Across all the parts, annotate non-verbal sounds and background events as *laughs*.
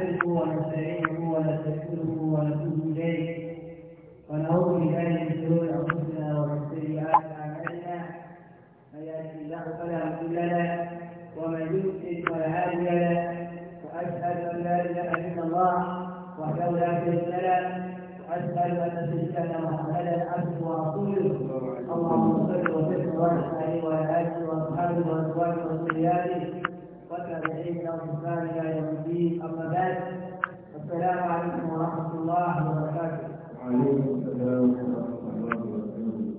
نحمده ونستعينه ونستغفره ونتوب اليه ونعوذ بالله من شرور انفسنا ومن سيئات اعمالنا من يهده الله فلا مضل له ومن يضلل فلا هادي له واشهد ان لا اله الا الله وحده لا شريك له واشهد ان سيدنا محمدا عبده ورسوله اللهم صل وسلم وبارك عليه وعلى اله واصحابه وازواجه وذرياته التابعين لهم إحسان إلى أما بعد السلام عليكم ورحمة الله وبركاته. وعليكم السلام ورحمة الله وبركاته.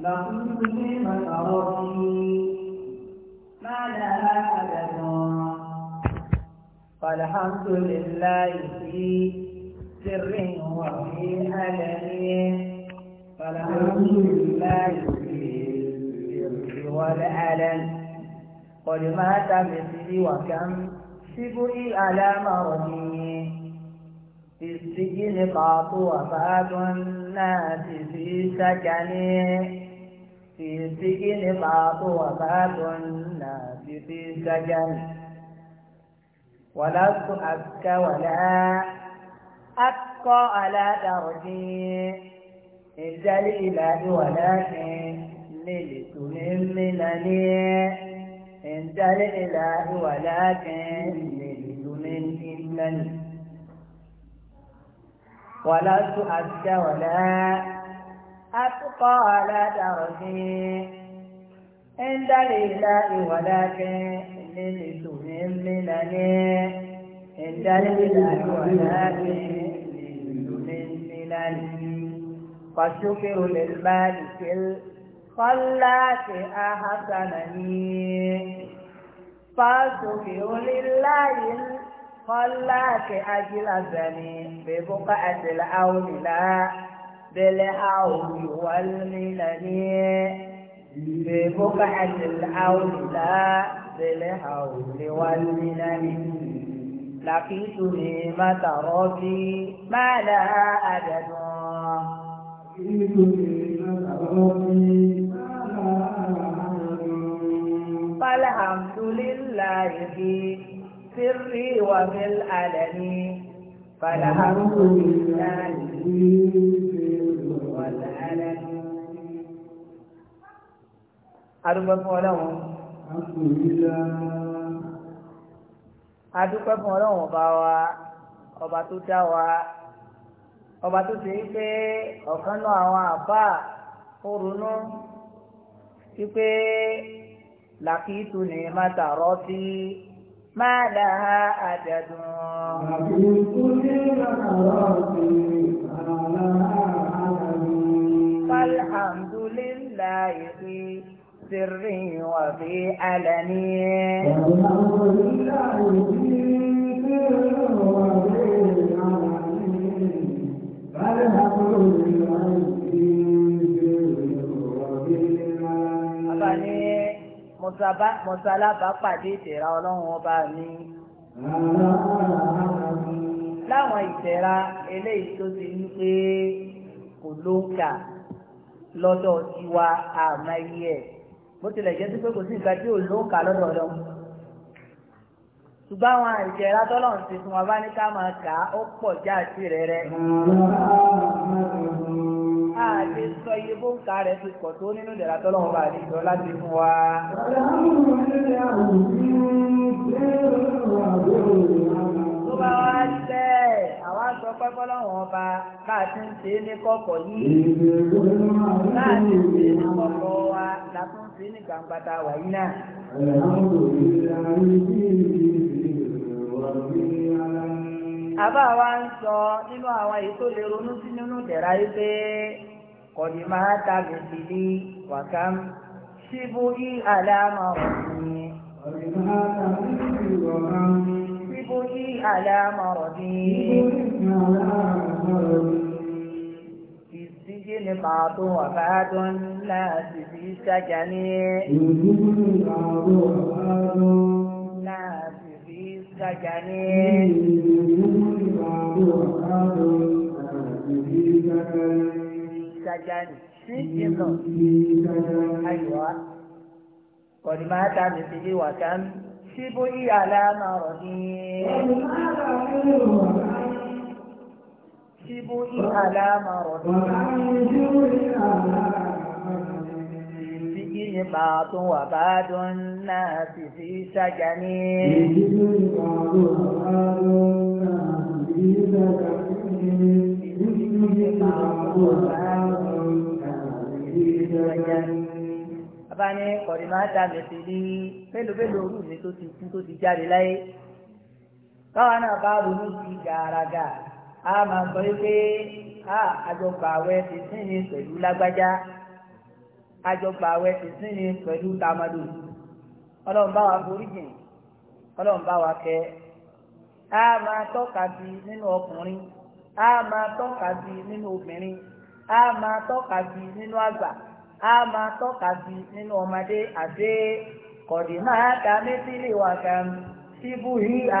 لقد من الأراضي ما لها أبد فالحمد لله في سر وفي علن فالحمد لله والألم قد مات مثلي وكم سبئي على مرضي في السجن قاط وفاة الناس في سكني في السجن قاط وفاة الناس في سكني ولست أبكى ولا أبقى على درجي إذا الإله ولكن ملت من مللي انت الاله ولكن ملت من انني ولست أبكى ولا أبقى على درجي عند الإله ولكن ملت من مللي عند الإله ولكن ملت من مللي والشكر للمالك واللاتي أحسنني فاستغفر لله واللاتي أجلسني ببقعة الأول لا بالحول والمنن ببقعة الأول لا بالحول والمنن لقيت نعمة ربي ما لا أدنى لقيت نعمة ربي الحمد لله في سري وفي العلن فالحمد لله في سري والعلن adúpẹ́ fún ọlọ́run adúpẹ́ fún ọlọ́run ọba wa ọba tó dá wa ọba tó ṣe pé ọ̀kan náà àwọn àbá ó wípé لقيت نعمة ربي ما لها أجد فالحمد لله في سري وفي علني mọ̀sálábà pàdé ìtẹ̀ra ọlọ́run ọba mi. láwọn ìtẹ̀ra eléyìí tó ti ní pé kò ló ń kà lọ́dọ̀ tiwa àmọ́ iye ẹ̀ bó tilẹ̀ jẹ́ sí pé kò sí nǹkan tí ò ló lọ́dọ̀ ọlọ́run. ṣùgbọ́n àwọn ìtẹ̀ra tọ́lọ́run ti fún wa bá ní ká máa kà á ó pọ̀ jáàtì rẹ̀ rẹ̀ àti sọ iye bó ń ka rẹ̀ ti pọ̀ tó nínú ìdẹ̀ra tọ́lọ́wọ́ bá ní ìjọ láti fún wa. tó bá wá tẹ́ àwa sọ pé fọ́lọ́wọ́n ọba káàtì ń ṣe é ní kọ̀kọ̀ yìí láti ṣe ní kọ̀kọ̀ wa látún ṣe é ní gbangba tá a wà yìí náà. Alhamdulillah, àbá wa ń sọ nínú àwọn èyí tó lè ronú sí nínú ìdẹ̀ra yìí pé kọ̀dí máa ta gbèsè ní wàkàm síbú í àlámà ọ̀sìn. síbú í àlámà ọ̀sìn. ìsíjì ni màá tó wà bá tó ń láti fi ṣàjà ní. ìsíjì ni màá tó wà bá tó ń láti. سجن سجن سجن أيوة قد مات مثلي وكم شبئي على مرضي شبئي على مرضي بعض وبعض الناس في سجن Bàbá ní kọ̀rí máa dá mẹ́sì ní mélòmélò orú mi tó ti kú tó ti jáde láyé. Káwa náà bá ronú sí gàràgà, a máa sọ wípé a àjọgbà àwẹ̀ ti sín ní pẹ̀lú lágbájá. àjọgbà àwẹ̀ tìsín ni pẹ̀lú tamadu ọlọ́run bá wa foríjìn ọlọ́run bá wa kẹ́ a máa tọ́ka sí nínú ọkùnrin a máa tọ́ka sí nínú obìnrin a máa tọ́ka sí nínú àgbà a máa tọ́ka sí nínú ọmọdé àti kọ̀dí máa ta mẹ́sílẹ̀ wà síbú yí wà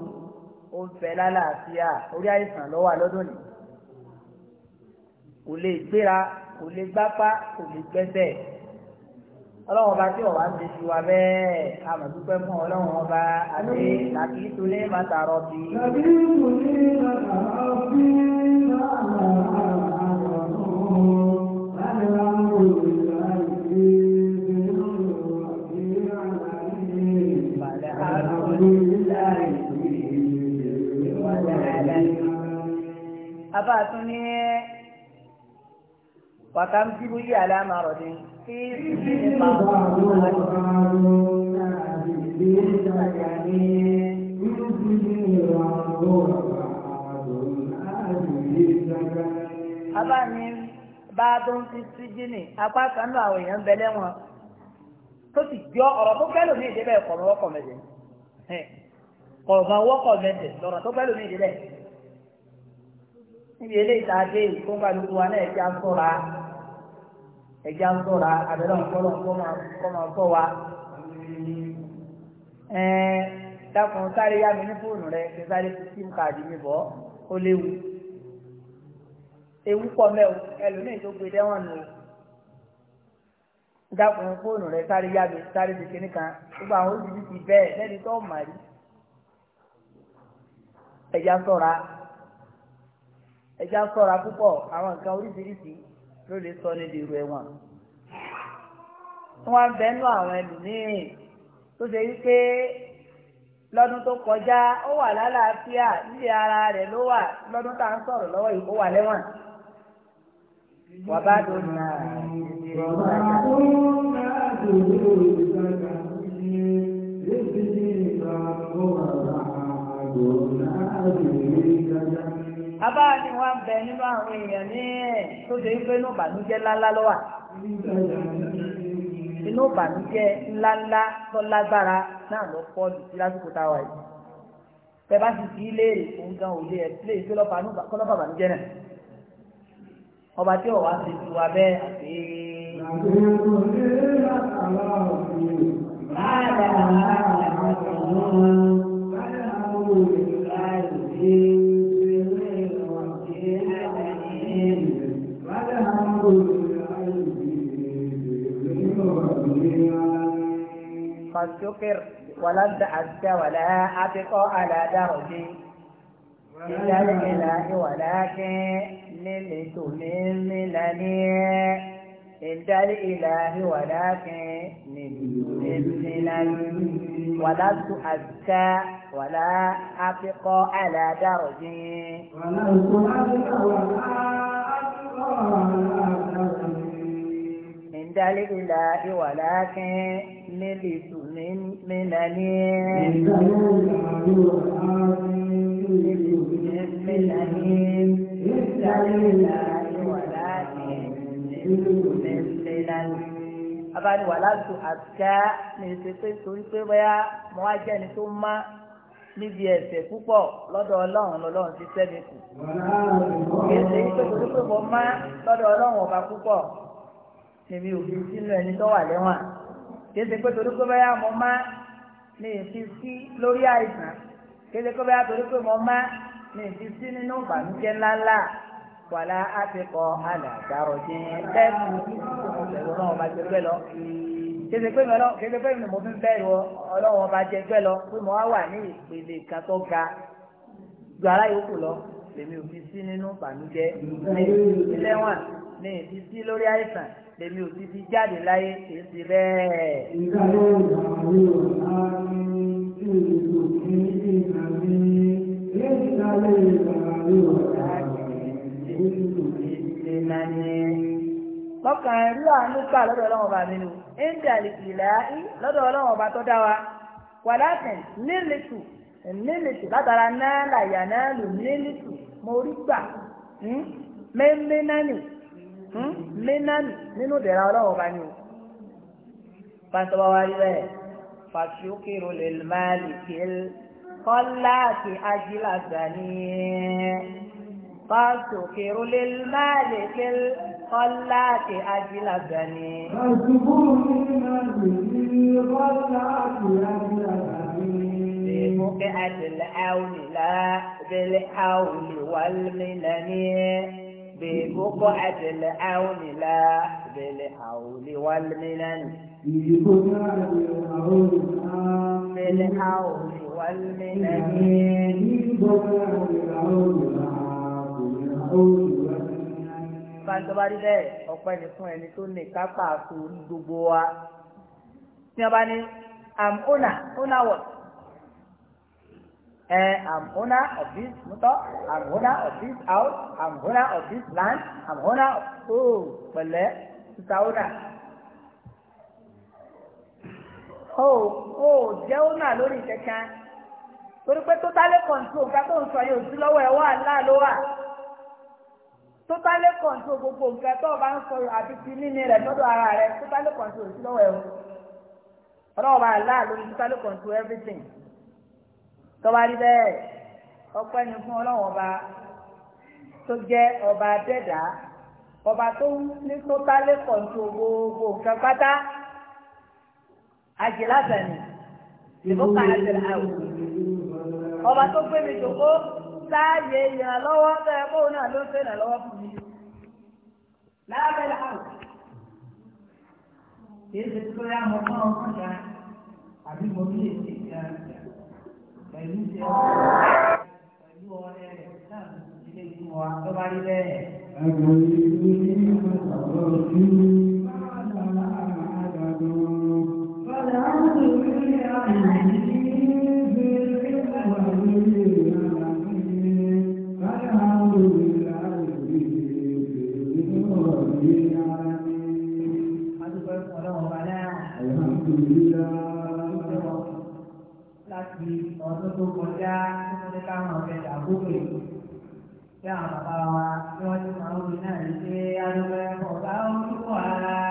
ó ń fẹ́ lálàáfíà orí àìsàn lọ́wọ́ lọ́dún ni kò lè gbéra kò lè gbápá kò lè gbẹ́sẹ̀ ọlọ́run ọba tí ọ̀wá ń ṣe ti wa bẹ́ẹ̀ àmọ̀dúpẹ́ fún ọlọ́run ọba àti làbí ìtòlé màtàrọ̀ bí. làbí ìtòlé màtàrọ̀ bí abá tún ní wàkà ń bíbú yí àlámà ni ní kí ìgbà wọn abá ní bá tó ń fi síjìnì apá kan náà àwọn èèyàn ń bẹ lẹ́wọ̀n tó sì jọ ọ̀rọ̀ tó fẹ́ lómi ìdílé kọ̀ọ̀mọ́wọ́kọ̀ mẹ́tẹ̀ kọ̀ọ̀mọ́wọ́kọ̀ mẹ́tẹ̀ lọ́rọ̀ tó fẹ́ lómi níbi eléyìí tá a dé ìkó kálukú wa náà ẹja sọ́ra ẹja sọ́ra abẹ́rẹ́ ọ̀pọ̀lọ̀ kọ́ máa sọ wa. ẹ̀ẹ́n dákun sáré yá mi ní fóònù rẹ kí sáré fi sim káàdì mi bọ́ ó léwu. ewu pọ̀ mẹ́wò ẹlòmíì tó gbé dẹ́wọ̀n nù dákun fóònù rẹ sáré yá mi sáré fi kíní kan gbogbo àwọn olùdíje bẹ́ẹ̀ lẹ́ni tó mà rí ẹja sọ́ra ẹja ṣọ́ra púpọ̀ àwọn nǹkan oríṣiríṣi ló lè sọ ní dèrò ẹ̀wọ̀n wọn bẹnu àwọn ẹlòmíín tó ṣe wípé lọ́dún tó kọjá ó wà lálàáfíà nílé ara rẹ̀ ló wà lọ́dún tá à ń sọ̀rọ̀ lọ́wọ́ yìí ó wà lẹ́wọ̀n wà bá dùn náà abá ni wọ́n bẹ nínú àwọn èèyàn ní ẹ̀ tó ṣe pé inú ìbànújẹ́ ńláńlá ló wà inú ìbànújẹ́ ńláńlá tó lágbára náà ló pọ̀ jù sí lásìkò táwa yìí tẹ bá sì fi léèrè òun gan òde ẹ̀ sílé ìṣe lọ́pàá kọ́lọ́pàá ìbànújẹ́ náà ọba tí ọ̀wá ti tu wa bẹ́ẹ̀ àti. Báyọ̀ àwọn àwọn àwọn àwọn àwọn. والشكر ولن تعد ولا أبق على درجي إلا الإله ولكن للتمملني إلا الإله ولكن للتمملني ولن تؤذى ولا أبق على درجي ولن تؤذى ولا أبق على درجي ìdálé ìlà ìwà láàkín nílì ìtùnú mìíràn ní abáni wà látò àtúkà ní ìsèpé torí pé bóyá mo wá jẹ́ ẹni tó má níbi ẹ̀ṣẹ̀ púpọ̀ lọ́dọ̀ ọlọ́run lọ́lọ́run ti sẹ́mi kù. kí yìí pé torí pé mo má lọ́dọ̀ ọlọ́run ọba púpọ̀ èmi ò fi sínú ẹni tó wà lẹ́wọ̀n kéde pé torí pé báyà mo má ní ìfi sí lórí àìsàn kéde pé báyà torí pé mo má ní ìfi sí nínú ìbànújẹ́ ńláńlá wàlá àfikọ àlàdàrọ jẹ ẹnu ìṣòro náà ọba jẹ gbẹ lọ kéde pé mi lọ kéde pé mi mo fi bẹ̀rù ọlọ́wọ́n ọba jẹ gbẹ lọ pé mo wá wà ní ìpele kan tó ga ju aláyòókù lọ lèmi ò fi sí nínú ìbànújẹ́ ilé wọn ní ìdíjí lórí àìsàn lèmi ò ti fi jáde láyé kì í ṣe bẹ́ẹ̀. ìdájọ́ ìdààmú àmì ìlú kì í ṣe àmì ìdájọ́ ìdààmú àmì ìlú kì í ṣe àmì. lọ́kàn ẹ̀rí àánú kà lọ́dọ̀ ọlọ́run ọba mi nù íńdíàlìkìlá lọ́dọ̀ ọlọ́run ọba tó dá wa wàlákìn nílìtù nílìtù látara náà làyà náà lù nílìtù mo rí gbà mímí náà nì mínánì hmm? nínú ìdẹ̀ra ọlọ́run bá ní o pàṣẹwà wa rí bẹ́ẹ̀ fàṣíkìrò lè máa lè ké kọ́lá àti ajílà sani fàṣíkìrò lè máa lè ké kọ́lá àti ajílà sani. fàṣíkìrò lè máa lè ké kọ́lá àti ajílà sani. لا بالحول والمنن ببقعة العون لا بالحول والمنن بالحول والمنن Bàtọ́bá rí bẹ́ẹ̀ ọ̀pẹ́ ni fún ẹni tó ní kápá àti gbogbo wa. Tí wọ́n bá ní, I'm owner, owner Uh, I'm owner of this motor, I'm owner of this house, I'm owner of this land, I'm owner of oh, pẹ̀lẹ́ sísá owner. O ò jẹ́ owner lórí kankan. Torí pé totally control nǹkan tó ń sọ yóò sí lọ́wọ́ ẹ̀ wá láàló wà. Totally control gbogbo nǹkan tó o bá ń sọ àti ti níní rẹ̀ lọ́dọ̀ ara rẹ̀ totally control sí lọ́wọ́ ẹ̀ o. Ọlọ́wọ́ bá láàló totally control everything tọ́ba rí bẹ́ẹ̀ ọpẹ́ ni fún ọlọ́wọ́n ọba tó jẹ́ ọba dẹ́dà ọba tó ní tó tálé kọ̀ǹtò gbogbo nǹkan pátá àjẹ́ lásàmì ìbò kàrà jẹ̀rẹ̀ àwọ̀ ọba tó gbé mi jòkó sáàyè ìrànlọ́wọ́ bẹ́ẹ̀ kóun náà ló ń fẹ́ ìrànlọ́wọ́ fún mi lábẹ́lẹ̀ àwọ̀ kìí ṣe tó yá mọ́ fún ọkàn kan àbí mo ní èsì kan pẹ̀lú ìṣẹ́ pẹ̀lú ọ̀rẹ́ rẹ̀ náà ilé ìlú wa tó bá rí bẹ́ẹ̀. Alhamdulillah di ọdún tó kọjá tí wọ́n ní káwọn ọ̀fẹ́ dàgbòkè tí àwọn bàbá wa tí wọ́n ti máa ń wí náà ní pé adúgbò ẹ̀kọ́ bá ń túbọ̀ ara.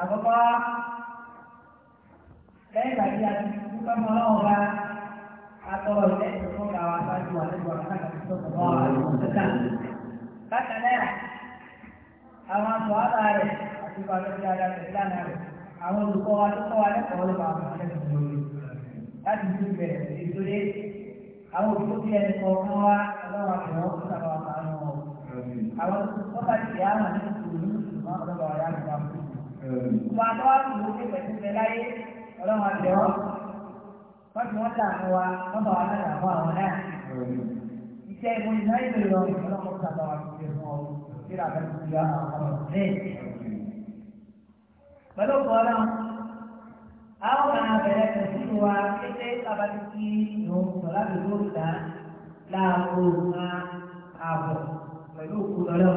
àkọ́kọ́ lẹ́yìn ìgbà tí a ti dúpẹ́ mọ́ ọlọ́run bá atọ́rọ̀ ilé ìtọ́jú ọ̀gá wa ṣáájú wa lẹ́gbẹ̀ẹ́ wa káàkiri tó sọ̀rọ̀ àwọn ọ̀sẹ̀ta. bákan náà àwọn àtọ̀ àbá rẹ̀ àti ìgbà lórí ara rẹ̀ lánàá rẹ̀ àwọn olùkọ́ wa tó kọ́ wa lẹ́kọ̀ọ́ ló bá wọn lẹ́kọ̀ọ́ lórí láti dúró bẹ̀rẹ̀ ìdúró àwọn òkú bí ẹni kọ̀ọ̀kan wa ọlọ́wà kẹ̀wọ́ tó sàbà wà kàn án wọn. àwọn tó bá ti yá wọn ní ìlú ìlú náà ọlọ́wà yá Ìgbà tó wá sí ìwé pẹ̀lú ìfẹ́ láyé ọlọ́run àti ọ́. Wọ́n ti wọ́n tà fún wa, wọ́n bá wa náà fún àwọn náà. Iṣẹ́ ìmú iná ìlú ìrọ̀rùn ọlọ́run tà bá wa ti ṣe fún ọ. Ṣé ìlànà ti fi àwọn ọmọ rẹ̀? Pẹ̀lú ọ̀pọ̀ ọlọ́run, a ó máa bẹ̀rẹ̀ pẹ̀lú ìwà kété tábàtì kí ìrùn sọ̀lá lè lóòrùn dá láàbò máa àbọ̀ pẹ̀lú òkú lọ́lọ́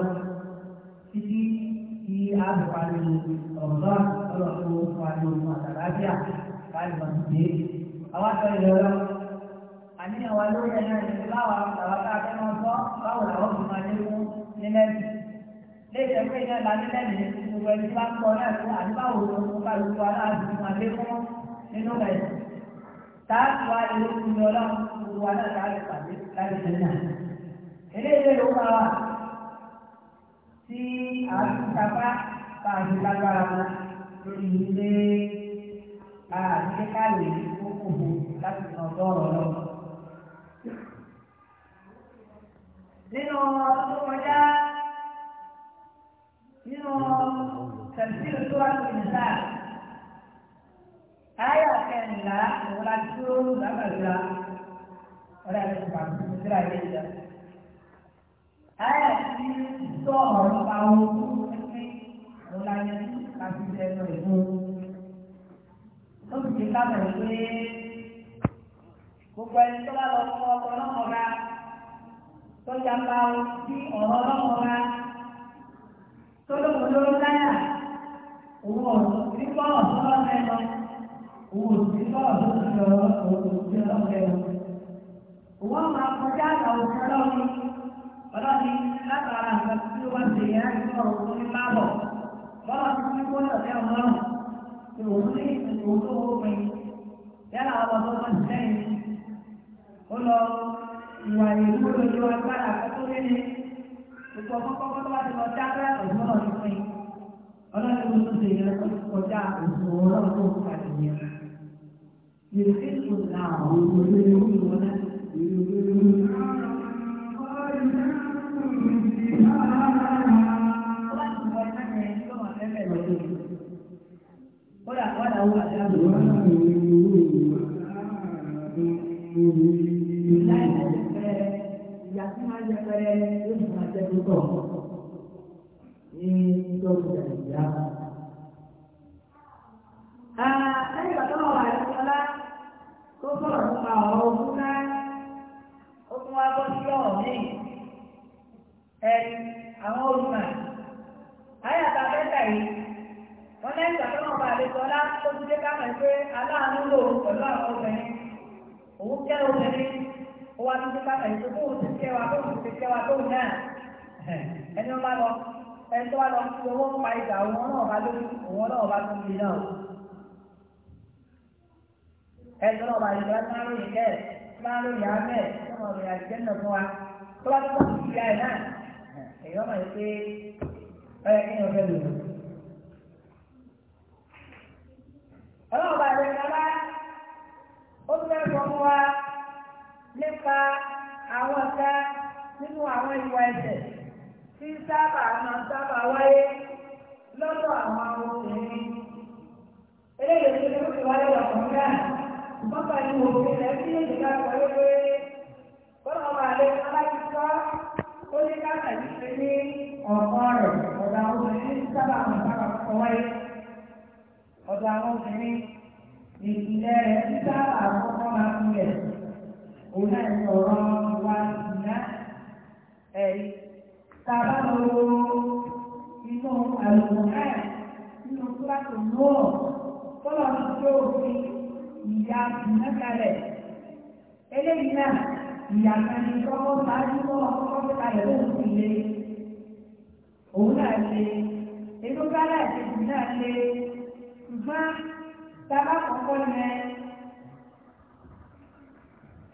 títí tí a bẹ̀ parí Ramadan kalau aku kalau masa raja kalau masjid awak kalau dalam ani awal dulu yang lawa lawa kata nonton kau lawa kemajumu nilai lẹ́yìn ẹgbẹ́ iná lálẹ́ lẹ́yìn gbogbo ẹni bá ń bọ̀ náà fún àdúgbò òun bá gbogbo aláàbò máa lé fún nínú rẹ̀ táàtì wá ilé fún mi ọlọ́run gbogbo náà láti pàdé láti ṣe náà eléyìí ló máa wà tí àtúntàpá tá a ti lágbára lórí ilé àdékáyè kókòbò láti nà ọgọ́rùn lọ. nínú tó kọjá nínú tẹ̀sílù tó wà lórí nígbà ayé àkẹ́ńlá òun láti dúró lágbàdúrà ọ̀rẹ́ àti ìpàdé ìdíra ilé ìjà. ayé àti sọ̀rọ̀ nípa ohun tó yẹn láti tẹnu ẹ̀ ó sì ti kábọ̀ pé gbogbo ẹni tó bá lọ fọ ọkọ ọlọ́mọba tó ya pa o sí ọ̀rọ̀ ọlọ́mọba tó lóko lóró láyà òun ọ̀sán nípa ọ̀sán lọ́nà lọ òun ò sí nípa ọ̀sán lọ́nà lọ òun ò sí ọlọ́mọ ẹ̀ lọ. òun máa kọjá àwọn ọ̀sán lọ́nà ọlọ́ni látara nǹkan tí ó bá ṣe yẹn láti ní má bọ̀ ba su cikin wanda sai an manu to wani da tsoro ko mai yana ba ba ba sai ko lo ìwà ìlú ló yọ agbára àkókò lẹ́nu ìpò kọ́kọ́ tó bá ti lọ dábẹ́ ọ̀dọ́ náà ní pín ọlọ́run ló tún ṣe ìyẹn kó kọjá òṣù ọlọ́run tó kódà kódà owó àti àbúrò láì lẹ́sẹ̀ ìyá tí máa ń jẹ pẹ́rẹ́ yóò sì máa jẹ púpọ̀ ní lórí ìjà ìjà. lẹ́yìn ọ̀tọ́ wà lọ́la tó sọ̀rọ̀ nípa ọ̀rọ̀ ogún náà ó tún àwọn olùmọ̀ àyàtà bẹ́tà yìí wọ́n lẹ́yìn ìgbàtọ́nà ọba àlejò ọlá tó ti dé káàmà pé aláàánú lò ó pẹ̀lú àwọn obìnrin òun kẹ́ obìnrin ó wá ti dé káàmà pé bó ti kẹ́ wa bó ti kẹ́ wa tó náà ẹni wọn bá lọ ẹni tó wá lọ sí owó pa ìgbà òun náà bá lórí òun náà bá tún bí náà ẹni tó náà bá yẹ máa ń rìn kẹ́ máa ń rìn amẹ́ tó máa rìn àjẹ́ náà fún wa tó bá tó kọ́ sí ìyá ẹ̀ náà èyí wọ́n mọ̀ pé ọ̀yẹ́ kí ni ọ̀fẹ́ lòdì. ọlọ́run bá lè kọ́lá ó fẹ́ sọ fún wa nípa àwọn ọ̀gá nínú àwọn ìwà ẹ̀ṣẹ̀ tí sábà máa sábà wáyé. ní ìpìlẹ̀ rẹ̀ títà àkọ́kọ́ máa ń lẹ̀ òun náà ní ọ̀rọ̀ wa ìná ẹ̀rí ta bá lọ inú àlùkò náà nínú kíláàsì náà tọ́lọ̀ ní tí ó fi ìyá ìná kalẹ̀ eléyìí náà ìyá kan ní tọ́kọ́ sáájú tọ́lọ̀ tọ́kọ́ kalẹ̀ lóhùn sí ilé òun náà ṣe ètò kálá ìṣèjì náà ṣe ṣùgbọ́n tábà kọ́kọ́ yẹn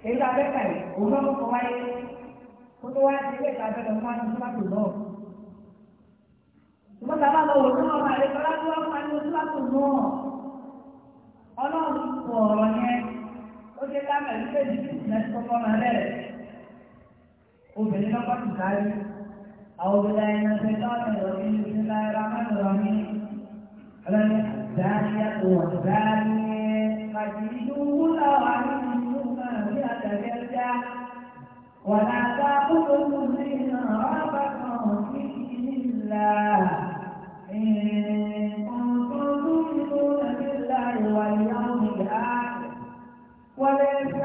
èyí tó abẹ́ka yìí òun náà kọ́kọ́ wáyé kó tó wáyé ti ilé ìtajà lọ́wọ́ máa ń tó máa tó lọ́ọ̀. ṣùgbọ́n tábà lọ́wọ́ tó máa máa lè kọ́lá tó wọ́n máa ń tó máa tó lọ́ọ̀. ọlọ́run kọ ọ̀rọ̀ yẹn ó jẹ́ ká mẹ́rin pé ní ìsìnkú kọ́kọ́ máa bẹ̀rẹ̀. obìnrin náà bá tù kárí àwọn obìnrin náà ń ṣe lọ́ọ̀tẹ̀ lọ́ọ̀tẹ̀ ní ìṣẹ́lá ẹ̀rọ الزانية والزاني فاجلدوهما واعلموهما مئة جلدة ولا تأخذوا منهما رأفة في دين الله إن كنتم تؤمنون بالله واليوم الآخر وليس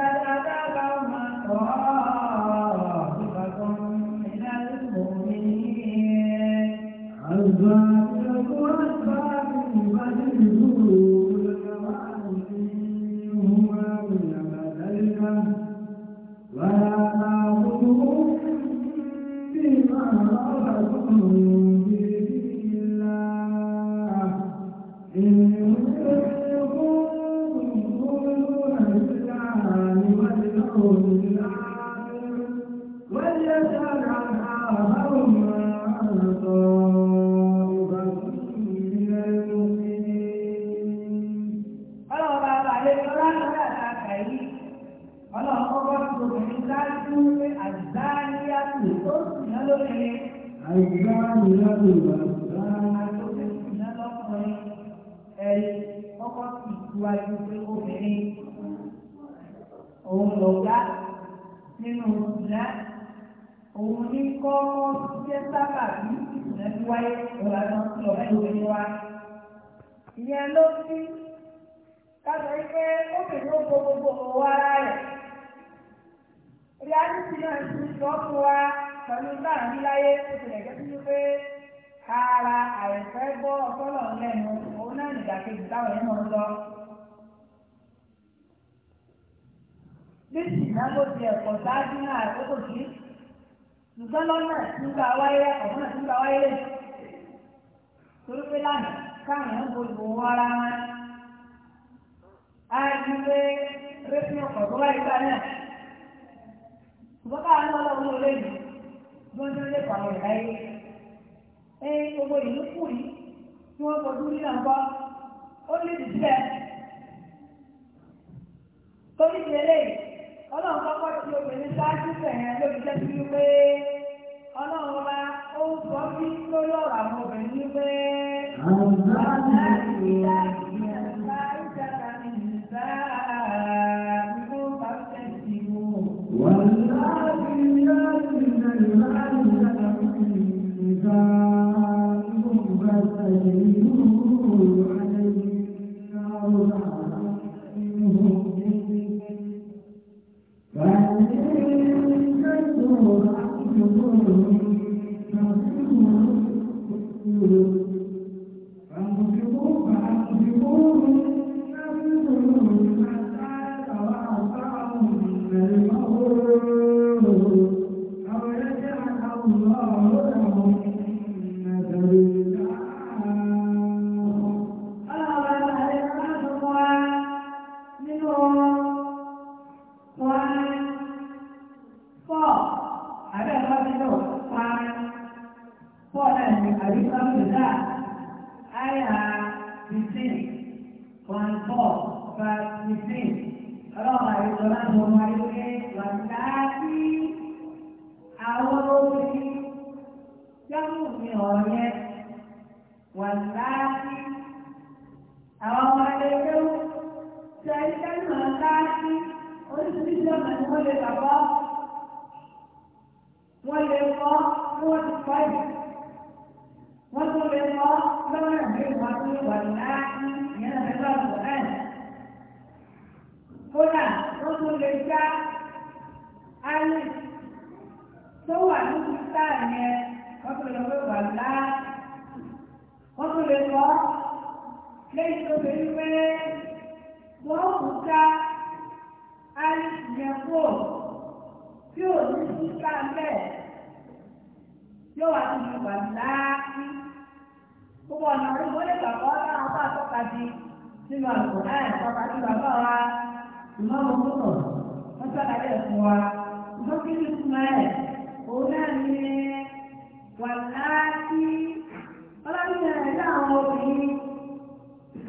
lóbìnrin. àìgbá ni láti wà rárá. àtòkùn iná lọ́kùnrin ẹ̀rí kọ́kọ́ sì síwájú pé obìnrin òun lọ̀gá nínú ìná òun ní kọ́kọ́ jẹ́ sábà bí ìná ti wáyé ìrànà sí ọ̀rẹ́ obìnrin wa. ìyẹn ló fi kájọ pé obìnrin ó gbogbo ara rẹ̀. ìyá ti ti náà ti sọ fún wa pẹ̀lú láàrin láyé ó ti lẹ̀ gẹ́gẹ́ ara àìfẹ́ gbọ́ ọ̀tọ́lọ̀ lẹ́nu òun náà nìdàkejì táwọn ẹ̀ náà ń lọ. bí ìsìnà bó ti ẹ̀kọ́ sáájú náà àkókò sí ṣùgbọ́n lọ́nà nígbà wáyé ọ̀nà nígbà wáyé lè torí pé lánàá káwọn ń gbogbo wọn ara wọn. a rí i rétí ọkọ̀ tó wáyé gbà náà ṣùgbọ́n káwọn náà lọ́wọ́ lórí bí wọ́n ti ń lẹ́kọ̀ọ́ àwọn ìlà yìí gbogbo ìlú kù yìí tí wọ́n ní nàǹkọ́ ó lè dì sílẹ̀ torí ti ọlọ́run kọ́kọ́ ti obìnrin time. في أمر الله آية 15 14 15 روى القرآن ومعلومه والتي أولوه جمع والتي أولوه شيئا والتي أرسل من ولد الله ولد الله هو الخير wọ́n yóò wà ní wà náà gbogbo ọ̀nà orí wọlé bàbá náà bá tọ́ka sí nínú àgbò náà bàbá tí bàbá wa ìmọ̀mọ́ gbọ́dọ̀ wọ́n sàlàyé ẹ̀fọ́ wa ìgbọ́n kí ní ìtumọ̀ ẹ̀ òun náà ní wà láti ọlọ́dún ẹ̀rẹ́ ní àwọn obìnrin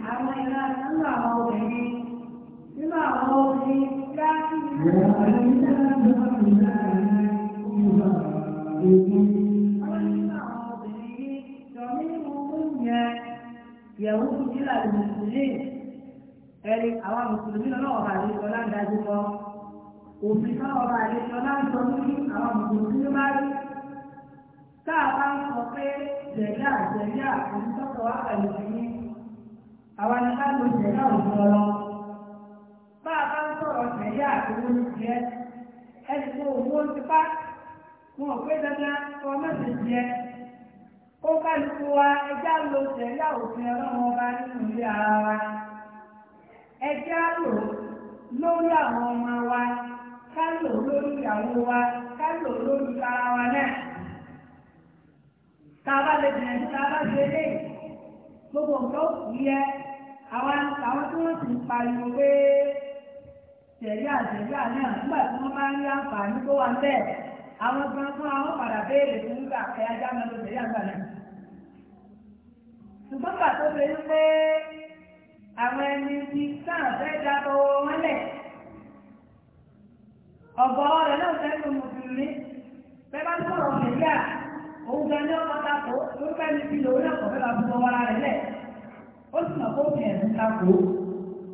àwọn ìlànà nínú àwọn obìnrin nínú àwọn obìnrin láti ìlú àwọn ìlànà nínú àwọn obìnrin. yẹ̀wùkú kílà mùsùlùmí ẹni àwọn mùsùlùmí lọ́nà ọ̀bà àdéṣọlá ń dájú kọ́ òfin náà ọ̀bà àdéṣọlá ń sọ ní àwọn mùsùlùmí ló máa rí tá a bá ń sọ pé jẹ̀yà jẹ̀yà òǹtọ́tọ̀ wà pẹ̀lú ẹ̀yìn àwọn ẹ̀ka ló jẹ̀yà òfin ọlọ́ bá a bá ń sọ̀rọ̀ jẹ̀yà òun ló jẹ́ ẹni tó owó ti pa wọn ò pé dandan ọmọ ó kálukú wa ẹjá lo sẹ̀ríà òfin ọlọ́run ọba nínú ilé ara wa ẹjá lò lórí àwọn ọmọ wa ká lò lórí ìyàwó wa ká lò lórí ara wa náà tá a bá lè gbogbo nǹkan ó yẹ àwọn àwọn tí ń pariwo pé nígbà tí wọ́n bá ń rí àǹfààní tó wà àwọn gan fún àwọn padà béèrè fún nígbà pé ajá mẹ́rin ló tẹ̀lé àgbà náà. ṣùgbọ́n gbà tó ṣe ń pé àwọn ẹni tí sáà fẹ́ da owó wọn lẹ̀ ọ̀bọ̀ rẹ̀ náà sẹ́nu mùsùlùmí fẹ́ bá sọ̀rọ̀ nàìjíríà òun gan ní ọkọ̀ tako lórúkọ ẹni tí lòun náà kọ̀ fẹ́ bá fún ọwọ́ ara rẹ̀ lẹ̀ ó sì mọ̀ kó fi ẹ̀sùn tako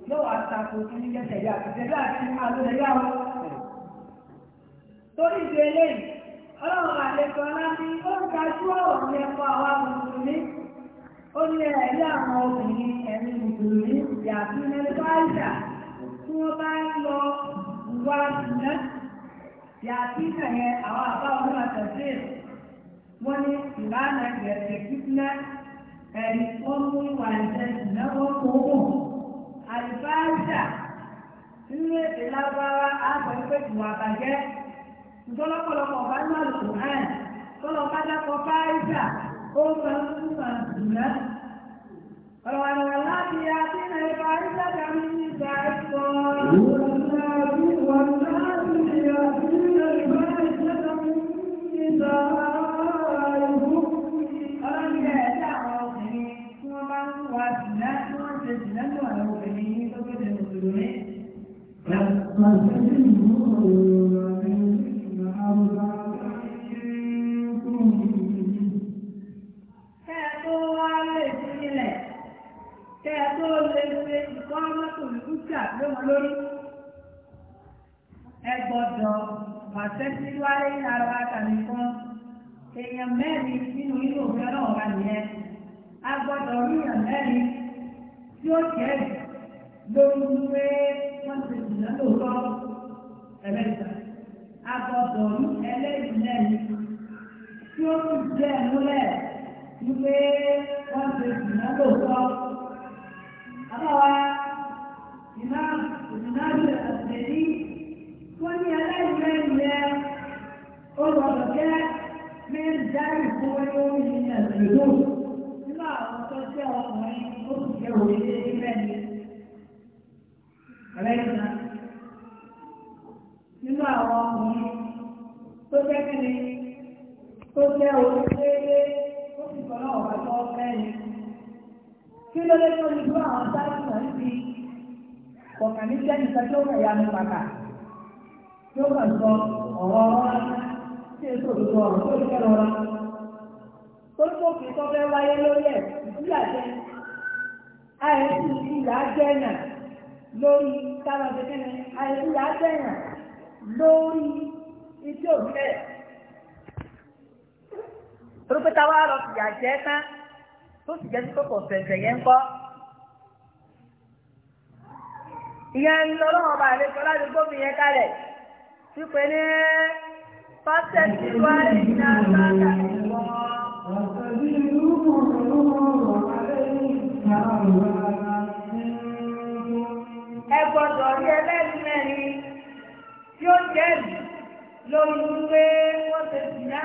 yóò wá tako kí ní kẹsẹ̀ yá kẹsẹ̀ yá kí ní alóòrẹ̀ yá wọn torí ìdí eléyìí ọlọ́run àlejò ọlá ní ó ń gajú ọ̀rọ̀ ní ẹ̀kọ́ àwa mùsùlùmí ó ní ẹ̀rí àwọn obìnrin ẹ̀mí mùsùlùmí yàtú nẹ́lẹ́fáìsà tí wọ́n bá ń lọ wá ṣùnà yàtú kẹ̀yẹ àwọn àbá ọdún àtẹ̀sí wọ́n ní ìlànà ìrẹsẹ̀ kíkúná ẹ̀rí wọ́n mú ìwà ìṣẹ́ ṣùnà wọ́n kó wò àlùfáìsà nínú èdè lágbára á sọ pé ìwà bàjẹ́ ìjọlọ́pọ̀lọpọ̀ bá ń lọ́rùn kò hàn tọ́lọ́ bá dákọ̀ fáìsà ó ń tún máa dùn náà. ọ̀rọ̀ àrùn láti àti ilẹ̀ fáìsà kàmí ní ìgbà ẹ̀kọ́ Thank you. jà lé wọn lórí ẹ gbọ́dọ̀ pàṣẹ sí wáyé ara àtàlẹ kan èèyàn mẹ́rin nínú irú òfin ọlọ́run wa nìyẹn a gbọ́dọ̀ rí èèyàn mẹ́rin tí ó jẹ́ lórí pé wọ́n ti dùnà lóòótọ́ ẹlẹ́gbà a gbọ́dọ̀ rí ẹlẹ́rìí mẹ́rin tí ó tún jẹ́ múlẹ̀ wípé wọ́n ti dùnà lóòótọ́ àbáwá. إمام الإمام الأبدالي ومن الأجمل الركاء من ذلك هو يوم من الجدود بما أستطيع أمرين أرجع إليه علينا nínú àwọn ọmọdé tó jẹ́ kíni tó jẹ́ orílẹ̀-èdè ó sì kọ́ náà wà lọ́wọ́ mẹ́rin kí ló lé lórí fún àwọn sáyẹ̀nsì ọ̀kàn ní jẹ́ nìkan tí ó kàn ya ní bàtà tí ó kàn sọ ọ̀rọ̀ ọ̀rọ̀ tí èso òdodo ọ̀rọ̀ tó ń kẹ́rọ ọ̀rọ̀ tó ń kófin tó fẹ́ wáyé lórí ẹ̀ ìdílé àjẹ àìsí ìyá jẹ́yà lórí táwọn akẹ́kẹ́ni àìsí ìyá jẹ́yà lórí iṣẹ́ òfin torí pé táwa lọ fìyà jẹ tán tó sì jẹ́ sí kòkò fẹ̀fẹ̀ yẹn ń kọ́ ìyẹn ń lọ lọ́wọ́ bá àlejò ládùúgbò mi yẹn kalẹ̀ wípé ní pásítẹ̀tì wà ní àgbàkà ìwọ̀n. ẹ rí ẹlẹ́rìí mẹ́rin tí ó jẹ́rìí lórí wípé wọ́n ṣe jìnnà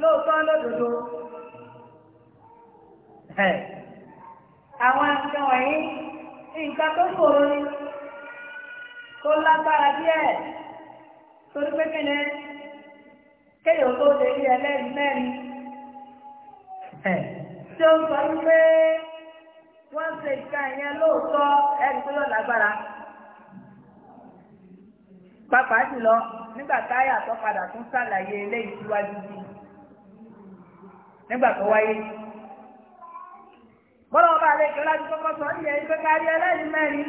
lóòótọ́ lódodo. àwọn nǹkan wọ̀nyí nǹkan tó ṣòro ni tó lágbára díẹ̀ torí pé kíni kéèyàn tó lè rí ẹlẹ́rìí mẹ́rin tí ó ń sọ wípé wọ́n ṣe ìka ìyẹn lóòótọ́ ẹ̀rí tó yọ̀ lágbára pàápàá jùlọ nígbà táyà tó padà tún ṣàlàyé eléyìí síwájú bíi nígbà tó wáyé bọ́lá ọba àlejò láti kọ́kọ́ sọ ọ́ nìyẹn pé ká rí ẹlẹ́rìí mẹ́rin.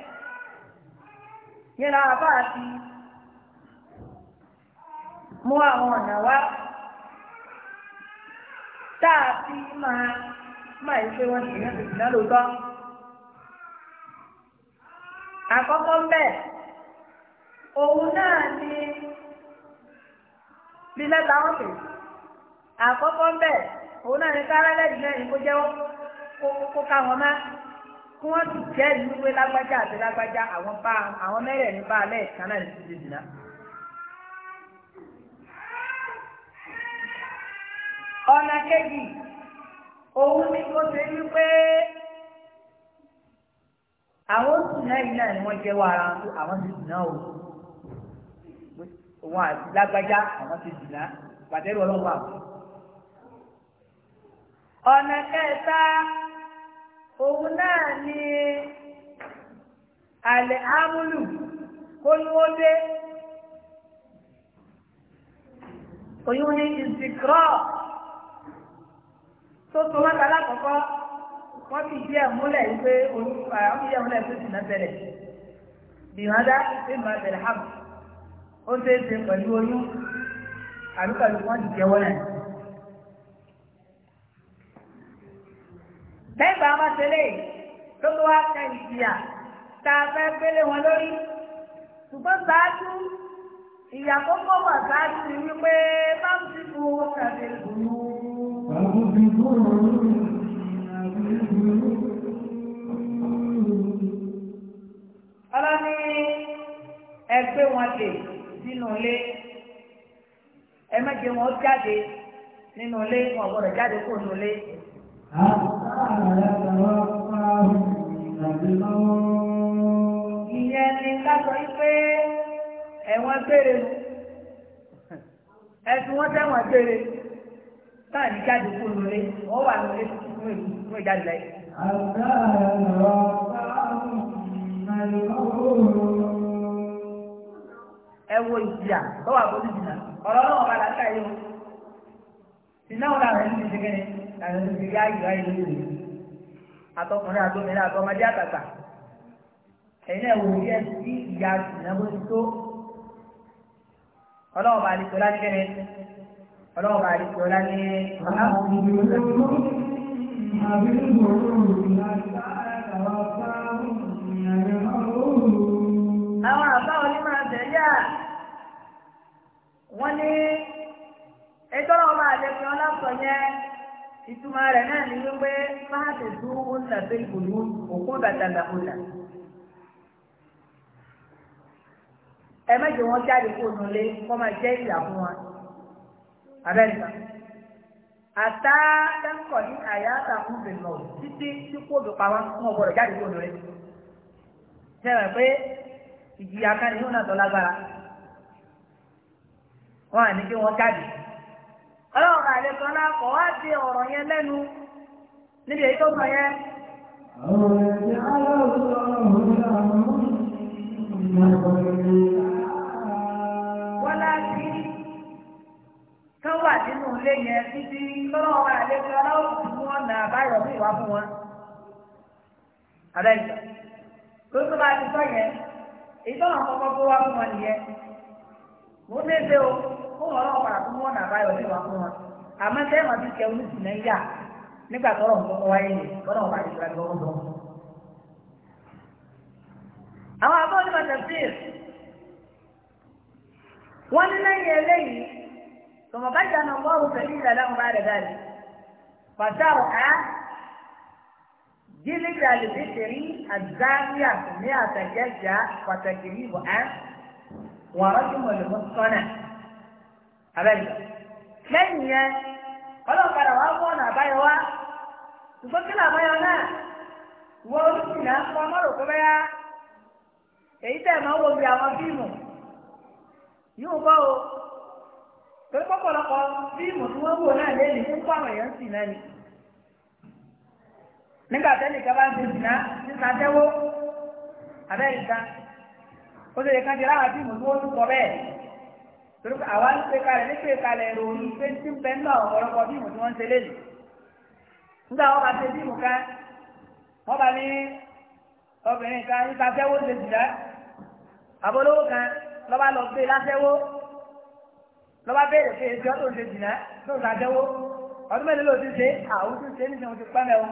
yẹn náà bá a ti mú àwọn ọ̀nà wá tá a fi máa máa yí pé wọ́n ti yàn lòdì náà lóòótọ́. Àkọ́kọ́ bẹ́ẹ̀ òun náà ni lílẹ̀ táwọn pè. Àkọ́kọ́ bẹ́ẹ̀ òun náà ni kárẹ́lẹ́dì náà ni kó jẹ́wọ́ kó ká wọn máa kí wọ́n sì jẹ́rìí wípé lágbájá àti lágbájá àwọn bá àwọn mẹ́rẹ̀ẹ̀rin bá alẹ́ ìkan náà ní ti dìnnà. ọ̀nà kejì òun ni kó ṣe wípé àwọn sùnà yìí náà ni wọ́n jẹ́ wá ara wọn pé àwọn ti dìnnà o òun àti lágbájá àwọn ti dìnnà pàtẹ́rù ọlọ́wọ́ àwọn. ọ̀nà kẹta òun náà ni àlẹ́ ámúlù kólúwódé oyún ní ìsìkírọ́ tó tó mọ́ta lákọ̀ọ́kọ́ wọ́n fi ìdí ẹ̀ múlẹ̀ wípé olùkọ́ àwọn ìdí ẹ̀ múlẹ̀ tó sì náà bẹ̀rẹ̀ bìhádá ṣe máa bẹ̀rẹ̀ hàbù ó ṣe ṣe pẹ̀lú oyún àbí wọ́n ti jẹ́wọ́ náà. lẹ́yìn bá wọn tẹ́lẹ̀ tó tó wá ka ìjìyà tá a fẹ́ gbélé wọn lórí ṣùgbọ́n ṣáájú ìyà kókó wà ṣáájú ni wípé bá ń ti fún owó kàdé lòlú. ọlọ́ni ẹgbẹ́ wọn lè sínú ilé ẹ má jẹ́ wọn jáde nínú ilé wọn gbọ́dọ̀ jáde kó nínú ilé ìyẹn ni ká sọ pé ẹ̀wọ̀n gbére ẹ̀sùn wọn tẹ̀wọ̀n gbére náà ní jáde kó lóore wọ́n wà lóore fún èmi fún ìjáde láyé. àgbà ìjìyà tó wà bójú jìnnà ọ̀rọ̀ náà wà láta yìí ìnáwó làwọn ẹni ti ṣe kẹ́ni làwọn ẹni atọkùnrin àtọmìnrin àtọmọdé àtàtà ẹ̀yin náà wò ó yẹ sí ìyá ìnáwó ti tó ọlọ́ọ̀bà àdìsọ lákẹ́rẹ́ ọlọ́ọ̀bà àdìsọ lákẹ́rẹ́. àwọn àbá onímọ̀ àtẹ̀yà wọ́n ní ẹjọ́ ọlọ́ọ̀bà àdìsọ lásọ yẹn. ìtumọ̀ rẹ̀ náà ni wípé máa tètú ó ń tàbí ìbòlú òkú ìbàdàgbà kúlà. ẹ mẹ́jọ wọn jáde kó nulẹ̀ kó máa jẹ́ ìyà fún wa. abẹ́rẹ́ àtá tẹ́ńkọ̀ ní àyà àtàkùn bèèrè títí tí kò bí pa wọn fún ọgbọ̀rọ̀ jáde kó nulẹ̀. sẹ́wọ̀n pé ìjìyà kan ní ìhùn náà tó lágbára. wọ́n à ní kí wọ́n jáde. ọlọ́run àlejò ọlá kọ̀ wá di ọ̀rọ̀ yẹn lẹ́nu níbi èyí tó sọ yẹn. wọ́n láti wà nínú ilé yẹn títí lọ́wọ́ báyọ̀ fún wọn. tó tó bá ti sọ yẹn kọ́kọ́ fún wọn nìyẹn. mo ní ṣe o. fún wọn lọ́wọ́ padà fún wọn nàbá yọ níwà fún wọn àmọ́ tẹ́ màá ti kẹ́ ọ́n náà yà nígbà tọ́rọ̀ nǹkan wáyé ni bọ́dọ̀ wọn bá ti gba gbọ́n gbọ́n. àwọn abọ́ ní bàtà sí wọ́n ní lẹ́yìn eléyìí tọmọ bá jà náà wọ́n fẹ́ ní ìlànà wọn bá rẹ̀ dáadé pàṣàrò á jílíkì àlùfíṣẹ̀rí àzáríà ní àtàjẹ́jà pàtàkì yìí wọ́n á wọ́n rọ́jú mọ̀lẹ́mọ́sọ́nà. abẹ́rẹ́ lẹ́yìn yẹn ọlọ́kadà wàá na ọ̀nà àbáyọ wá ṣùgbọ́n kí làbáyọ náà wọ na kọ́ mọ́rò kó bẹ́yà èyí tẹ̀ máa wo bí àwọn fíìmù yóò bọ́ o pé pọ́pọ́lọpọ́ fíìmù tí wọ́n wò náà lẹ́yìn fún fún àwọn sì náà ni nígbà tẹ́lẹ̀ ń tẹ́wọ́ ìta ó lè láwọn fíìmù tí wọ́n tún kọ bẹ́ẹ̀. torí pé àwa ń pè kalẹ̀ ní pè kalẹ̀ ìròyìn pé tí ń bẹ náà ọ̀pọ̀lọpọ̀ bímù tí wọ́n ń ṣe léyìí nígbà wọn bá ṣe bímù kan wọ́n bá ní obìnrin kan nípa fẹ́wó ṣe jìdá àbólówó kan lọ́ba lọ gbé láṣẹ́wó lọ́ba béèrè pé èsì ọ̀tún ṣe jìdá tó ń ṣàṣẹ́wó ọdún mẹ́rin ló ti ṣe àwọn tó ṣe níṣẹ́ wọn ti pẹ́ mẹ́wọ́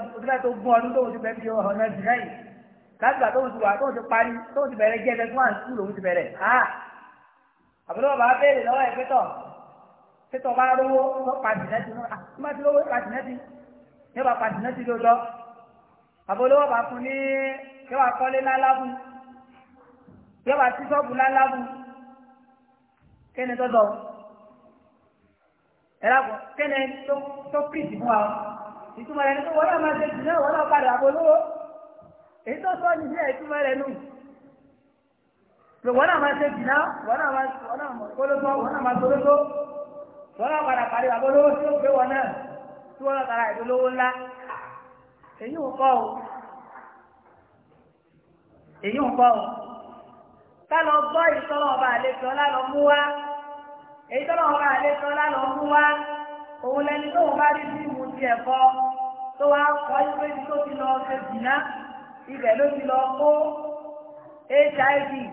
òtúbẹ̀ tó gún ọdún tóun ti bẹ̀rẹ̀ fi láti gbà tóun ti wà tóun ti parí tóun ti bẹ̀rẹ̀ jẹ́ ẹgbẹ́ fún àǹtí lòun ti bẹ̀rẹ̀ àbúrò bàbá béèrè lọ́wọ́ ẹ̀ pẹ́tọ̀ pẹ́tọ̀ bá rówó lọ pàtìnẹ́tì náà ah, tí wọ́n ti rówó pàtìnẹ́tì ní wọ́n pàtìnẹ́tì ló lọ àbólówó bá fún ní yóò wá kọ́lé lálábù yóò wá sí sọ́ọ̀bù lálábù kéne tó lọ ẹ̀rọ àpò kéne tó pìtì fún wa ìtumọ̀ rẹ̀ ni pé wọ́n náà máa ṣe jù náà wọ́n náà padà àbólówó èyí tó sọ pé wọ́n náà máa ṣe jìnnà wọ́n náà máa wọ́n náà máa kólótó wọ́n náà máa kólótó wọ́n náà padà parí bàbá olówó tí ó gbé wọn náà tí wọ́n náà tara ìdólówó ńlá èyí ń kọ́ o èyí ń kọ́ o ká lọ gbọ́ ìtọ́lọ́ ọba àlejò ọlá lọ mú wá èyí tọ́lọ́ ọba àlejò ọlá mú wá òun lẹni tó wọn bá rí sí ìmú tiẹ̀ kọ́ tó wá kọ́ ìwé tí tó ti lọ ṣe jìnnà ibẹ̀ ló ti lọ kó hiv.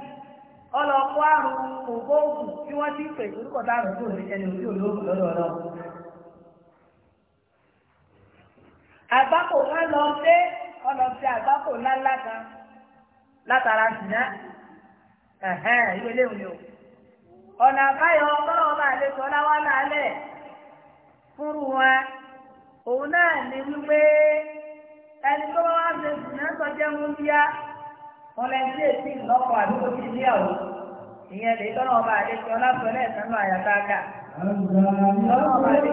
ọlọ́pọ̀ àrùn ògbóògùn tí wọ́n ti pè lórúkọ táàrùn tó rí ẹni olóògùn lọ́dọ̀ àgbákò wọn lọ àgbákò látara ìwé léwu ni o. ọ̀nà àbáyọ ọlọ́wọ́ lè sọ láwá lálẹ́ òun náà ní wípé ẹni tó wá ṣe sọ wọn lẹ́yìn tí èsì ìlọ́kọ̀ àdúgbò ti ilé ọ̀hún ìyẹn lè tọ́nà ọba àdéṣe ọlásọ̀lẹ̀ ìsánú àyàtà ká. ọlá ní.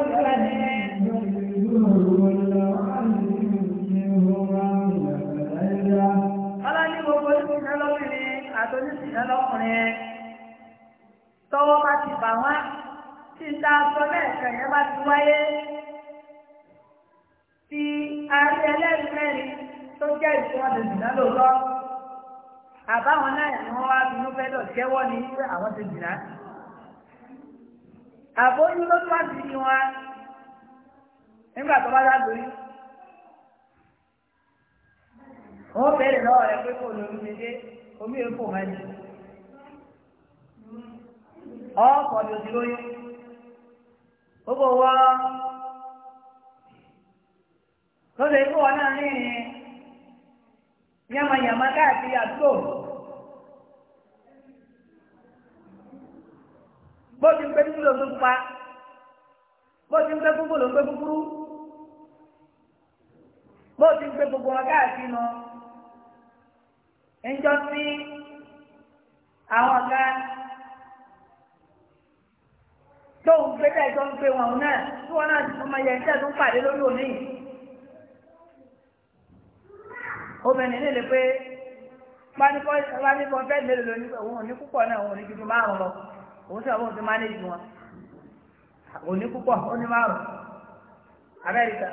ọlá ní gbogbo lọ́kùnrin àtọ́jú ìsìnà lọ́kùnrin tọ́wọ́ bá ti bà wá tí n ta sọ lẹ́ẹ̀kan yẹn bá ti wáyé tí a rí ẹlẹ́rìí mẹ́rin tó jẹ́ ìfúnwádìí ìdánilòlọ́. àbáwọn náà ni wọ́n wá bínú fẹ́ lọ jẹ́wọ́ ní wípé àwọn ti dìnnà. àbóyún ló tún wá sí ni wọn nígbà tó bá dágbóyún. wọ́n bẹ̀rẹ̀ lọ́wọ́ rẹ pé kò lóyún mi dé omi èkó máa ọkọ̀ ni òsì lóyún. lọ́sẹ̀ ikú wọn náà ní ìrìn. yamayama káàkiri àdúgbò bó ti ń gbé dúdú ló ń gbé pupa bó ti ń gbé kúkú ló ń gbé kúkúrú bó ti ń gbé gbogbo wọn káàkiri nù ńjọ sí àwọn kan tó ń gbé ká ìjọ ń gbé wọn náà tí wọn náà ti fún ọmọ yẹn tí ẹ pàdé lórí òní yìí. obìnrin ní lè pé pánipọ́ bẹ́ẹ̀ mélòó na ní òun ò ní púpọ̀ náà òun ò ní márùn lọ òun sì wọn ò ní púpọ̀ ó ní márùn Amẹ́ríkà.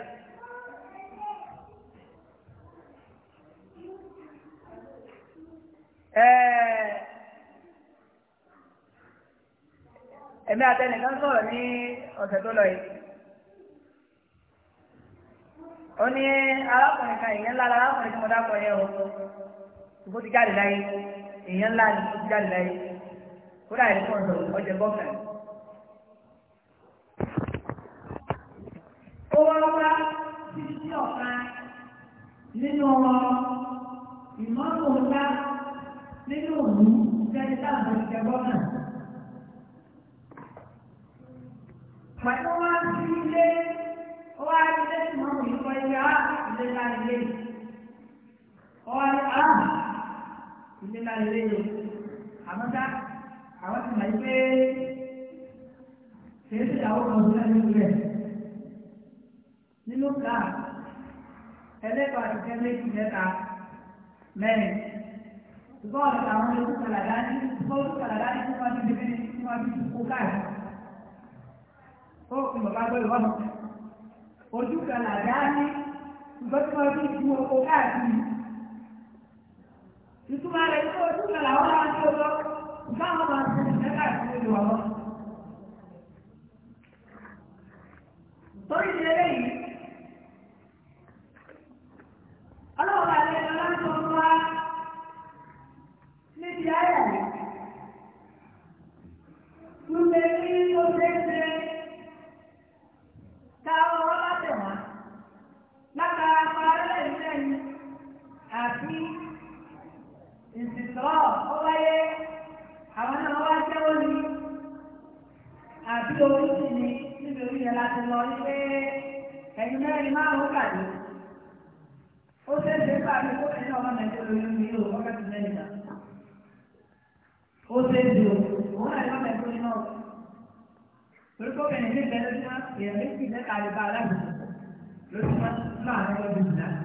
ó ní arákùnrin kan èèyàn ńlá arákùnrin tí mo dákọ̀ yẹn o bó ti jáde láyé èèyàn ńlá ni bó ti jáde láyé kódà ẹni tó ń sọ̀rọ̀ ọjọ́ gọ́ọ̀nà. ó wá wá títí ọ̀kan nínú ìmọ̀ràn ńlá nínú òní jẹ́ni táwọn ìjẹ gọ́ọ̀nà. pẹ̀lú wá sí ilé ó wá rí tẹ́sí mọ́ òun kọ́ ilé á ilé ńlá ilé yìí ó wá rí á ilé ńlá ilé yìí àmọ́ sá àwọn ti mọ̀ pé kìí ṣe àwọn kan sí ẹni rẹ̀ nínú ká ẹlẹ́kọ̀ọ́ àti kẹ́lẹ́ ìjẹta mẹ́rin bọ́ọ̀lù àwọn ẹ̀kú kàlàdá ní bọ́ọ̀lù kàlàdá ní kí wọ́n ti di kí wọ́n ti kó káàkiri ó kì bàbá gbé ìwọ́n náà ojú kan làdá ní ṣùgbọ́n tí wọ́n fi ju oko káàkiri. ìtumọ̀ rẹ̀ ní ojú kan làwọn máa ń tó lọ ṣùgbọ́n àwọn máa ń tó ṣe káàkiri lọ. torí ti eléyìí ọlọ́run àti ẹ̀rọ láti ọdún wa níbi ayẹyẹ. Tún lé ní sí ìsìtọ́ ó wáyé àwọn náà wá jẹ́wọ́ ní àbí oríṣi ni níbi orí yẹn láti lọ ní pé ẹ̀yin mẹ́rin márùn-ún kàdé ó ṣeéṣe fún àbí kó ẹni ọmọ nàìjíríà lóyún ní ìlú wákàtí mẹ́rin náà ó ṣeéṣe òun náà ní ọmọ ẹ̀kọ́ náà torí kó kẹ́ni ní ìbẹ̀rẹ̀ sí wọn èèyàn méjì mẹ́ta lè bá aláàbò lóṣù mọ́ láàárín náà.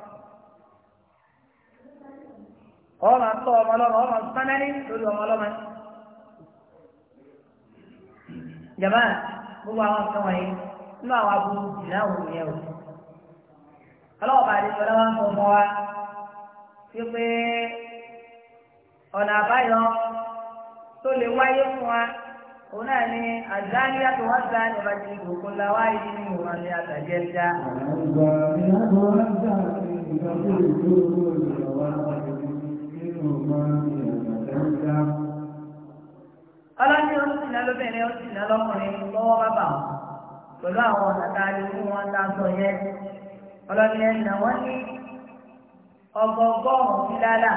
ọmọ tọ́ ọmọ lọ́mọ ọmọ sánẹ́lì lórí ọmọ lọ́mọ. jama gbogbo àwọn nǹkan wọ̀nyí nínú àwọn aburú ìlà òun yẹn o. ọlọ́wọ́ bá àdéhùn ọlọ́wọ́ ń fọmọ wa sí pé ọ̀nà àbáyọ tó lè wáyé fún wa òun náà ni àdáni yàtọ̀ wá gba ìbàjẹ́ ìgbòho la wá yìí ní ìwọ̀n ní àtàjẹ́ dá. àgbà ni a lọ wá gbà ìgbà tó lè tó lórí ọ̀wá ọ̀dọ́. obìnrin ó sì ná lọ́kùnrin lọ́wọ́ bàbà wọn pẹ̀lú àwọn ọ̀tàtà ni fún wọn ta sọ yẹn ọlọ́ni ẹ̀ nà wọ́n ní ọgọgọ́rùn-ún fílálà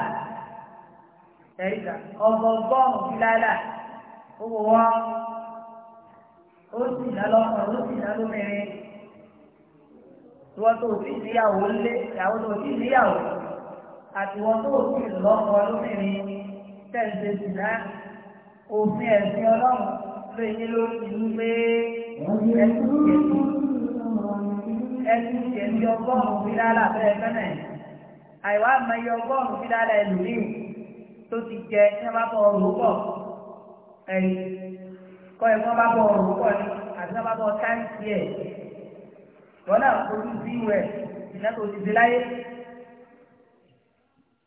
ẹ̀ríkà ọgọgọ́rùn-ún fílálà owó wọn ó sì ná lọ́kùnrin ó sì ná lóbìnrin wọ́n tó ti níyàwó lé ìyàwó tó ti níyàwó àti wọ́n tó ti lọ́kọ lóbìnrin tẹ̀síṣìlá òfin ẹ̀sìn ọlọ́run lẹ́yìn ló ti ń gbé ẹtù jẹ̀bi ọgọ́rùn-ún fi dára bẹ́ẹ̀ fẹ́nẹ̀ àìwá mẹ́yẹ ọgọ́rùn-ún fi dára ẹlòmíì tó ti jẹ ní wọ́n bá bọ̀ ọ̀rùn pọ̀ ẹ̀yìn kọ́ ẹ̀ wọ́n bá bọ̀ ọ̀rùn pọ̀ ni àti wọ́n bá bọ̀ táǹtì ẹ̀ wọ́n náà fojú sí ìwẹ̀ ìná ti di láyé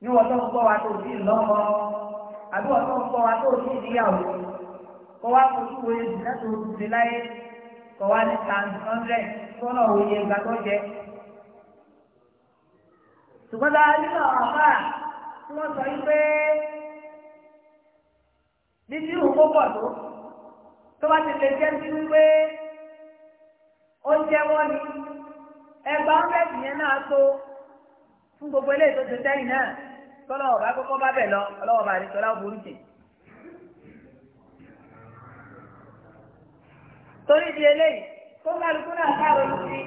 ní wọ́n tó ń gbọ́ wa tó ti lọ́mọ àbí wọ́n tó ń gbọ́ wa tó ti ìdíyàwó kọ́ wá fojú wo ìdílé tó o ti láyé kọ́ wá ní times hundred tọ́nà òye ìgbà tó jẹ. ṣùgbọ́n tá a nílò àbá tí wọ́n sọ yìí pé bí tí òkú pọ̀ tó tó bá ti lè jẹ́ sí wípé ó jẹ́ wọ́n ni ẹgbà hundred yẹn náà tó fún gbogbo eléyìí tó ti sẹ́yìn náà tọ́lọ̀ ọ̀bá kọ́kọ́ bá bẹ̀ lọ ọlọ́wọ́ bá rí tọ́lá burú jì. torí di eléyìí kó kálukú náà káàró ló sí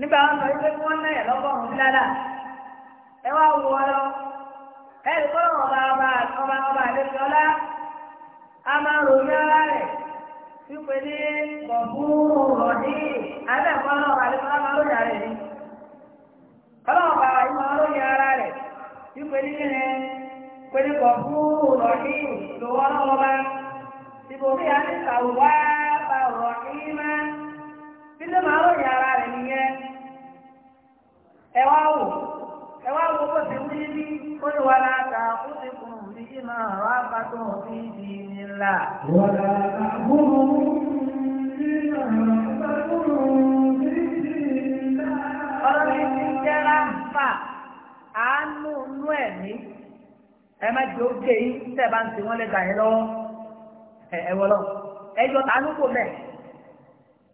nígbà wọn sọ wípé wọn náà yẹ lọgọrùnún nílára ẹ wá wù ọ lọ ẹ lè kọ́ lọ́wọ́ ọba ọba ọba ọba àlejò ọlá a máa ròyìn ọlá rẹ̀ wípé ní bọ̀bùrù rọ̀dí abẹ́ẹ̀kọ́ lọ́wọ́ àlejò ọlá máa lóyà rẹ̀ ni ọlọ́wọ́ ọba yìí máa lóyìn ara rẹ̀ wípé ní kíni pé ní bọ̀bùrù rọ̀dí lọ́wọ́ lọ́wọ́ bá. ibòmí yà ní kàwá bá rọ̀ ìmá títí màá rò yàrá rẹ̀ nìyẹn ẹ wò ẹ wò ti wí ta ti kùn ní ńlá. ti jẹ́ ráńpà àánú ẹ̀mí ẹ má jẹ́ bá ń ti wọ́n lé lọ́wọ́. ẹ ẹ wọlọ ẹ yọ tàánú kò mẹ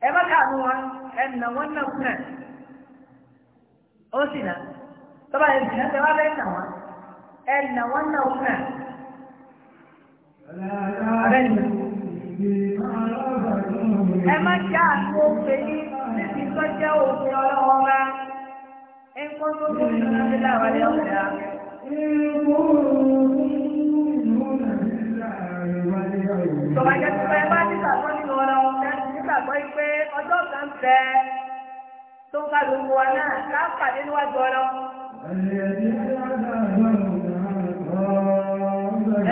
ẹ má káàánú wọn ẹ nà wọn nà kún ẹ ó sì nà tọ́ba yẹn sì nà tẹ́ bẹ́ẹ̀ nà wọn ẹ nà wọn nà kún ẹ. Ẹ má ṣe àánú òfin yìí níbi tó jẹ́ òfin ọlọ́wọ́ bá. Ẹ kọ́ tó tó ń lọ sí láwọn ilé ọ̀gá. Tọ́ba jẹ́ pípẹ́ bá nígbàgbọ́ nínú ọ̀rọ̀ ọ̀fẹ́ nígbàgbọ́ pé ọjọ́ kan bẹ tó ń kálù ń wa náà láǹfààní níwájú ọ̀rọ̀.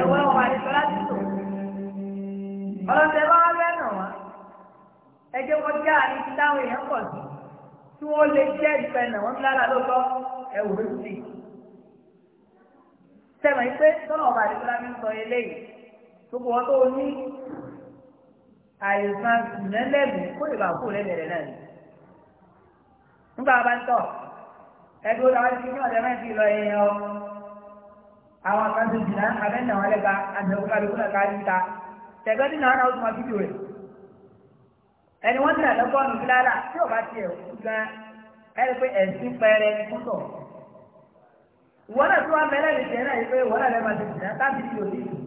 Ẹ̀wọ̀n wà ní sọ́lá ti tò. Ọlọ́sẹ̀ bá wá lẹ́nà wá. Ẹ jẹ́ kó jẹ́ àárín tí táwọn èèyàn pọ̀ sí. Tí wọ́n lè jẹ́ ìfẹ́ nà wọ́n tọ́lọ̀ ọba àdìgbò lábẹ́ ń sọ eléyìí. gbogbo wọn tó ní àìsàn ìnẹ́lẹ́bù kó lè bá kó lẹ́bẹ̀rẹ̀ náà ni. nígbà bá ń tọ̀ ẹgbẹ́ olùdarí ti ní ọ̀dẹ́ mẹ́tì lọ ọ àwọn akáńtó jìnnà abẹ́nà wọn lẹ́ba àdéhùn kálukú náà kárí ta tẹ̀gbẹ́ tí náà ó tún fídíò rẹ̀ ẹni wọ́n ti nà tí ò bá tiẹ̀ gan ẹni pé ẹ̀sìn náà wá jẹ́ náà yìí pé náà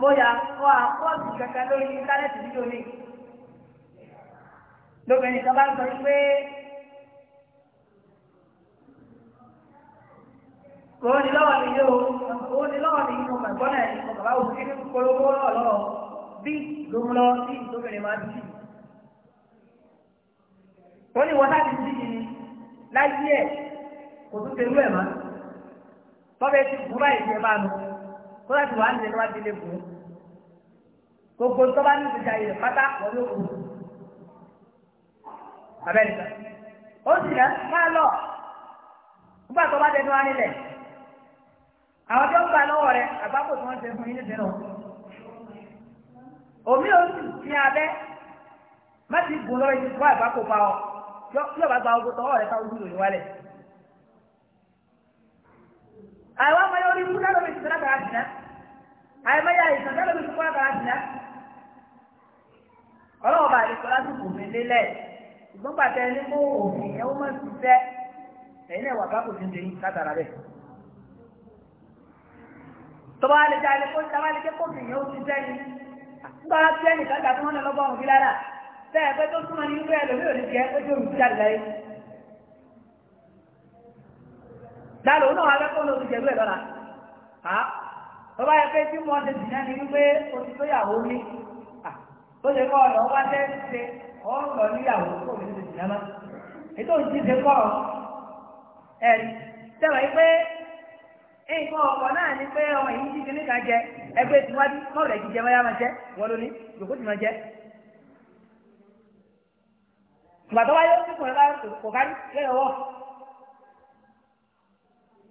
mo yà kọ́ àkọ́ọ̀tù kankan lórí íńtánẹ́ẹ̀tì dídò ní. lóbìnrin kan bá sọ pé kò ní lọ́wọ́ mi yóò kò ní lọ́wọ́ mi yóò mà gbọ́n náà ní mo bàbá òkú kékeré polówó náà lọ́wọ́ bí lòun lọ sí lóbìnrin máa dùn sí. ó ní wọ́n láti dí ni láyé ẹ̀ kò tún ṣe irú ẹ̀ mọ́. tọ́bẹ̀ ti bú báyìí jẹ́ máa nù kó láti wà ní ẹni wá délé bò ó gbogbo tó bá ní ìgbésí ayé rẹ̀ pátá wọ́n ló kù abẹ́rẹ́ kan ó sì rẹ̀ máa lọ nígbà tó bá dẹnu wá nílẹ̀ àwọn tó ń gbà lọ́wọ́ rẹ̀ àbábò tí wọ́n ṣe fún yín nídìí náà omi ò sì fi abẹ́ má ti gùn lọ́wọ́ yìí kó àbákò pa ọ yóò bá gba ogun tọwọ́ rẹ̀ ká ojú lòlù wálẹ̀ àwọn ọmọ yóò rí ikú dáná mi sùn lábàá àdìná àìmọ́ yà ìsàn dáná mi sùn lábàá àdìná ọlọ́wọ́ bá àdìsọ láti kò mí lélẹ̀ ṣùgbọ́n pàtẹ ní kó òfin ẹ̀wọ́ mọ̀ sí fẹ́ ẹ̀yin náà wà bá kò tún dèyí látara rẹ̀ tọ́ba alẹ́ jẹ́ alẹ́ kó tọ́ba alẹ́ kó fi yẹn ó ti fẹ́ ni nígbà wá fẹ́ nìkan gbà tí wọ́n lọ lọ́gbọ́n òbí lára tẹ́ ẹ pé tó súnmọ́ ní wípé ẹlòmíràn ní jẹ́ ó jẹ́ òbí jáde láyé. dálò náà alẹ́kọ̀ọ́ ló ti jẹ̀lú ẹ̀ lọ́la ha bá yẹ pé tí mo ṣe sì náà wípé o ti tóyàwó ní tó ṣe kọ́ ọ̀nà ọba tẹ́ ṣe ọ̀rọ̀ níyàwó tó ti náà má ètò ṣe kọ́ ẹ̀ tẹ́wọ̀ yí pé nǹkan ọ̀pọ̀ náà ni pé ọmọ yìí jẹ ẹgbẹ́ jíjẹ máa jẹ wọ́n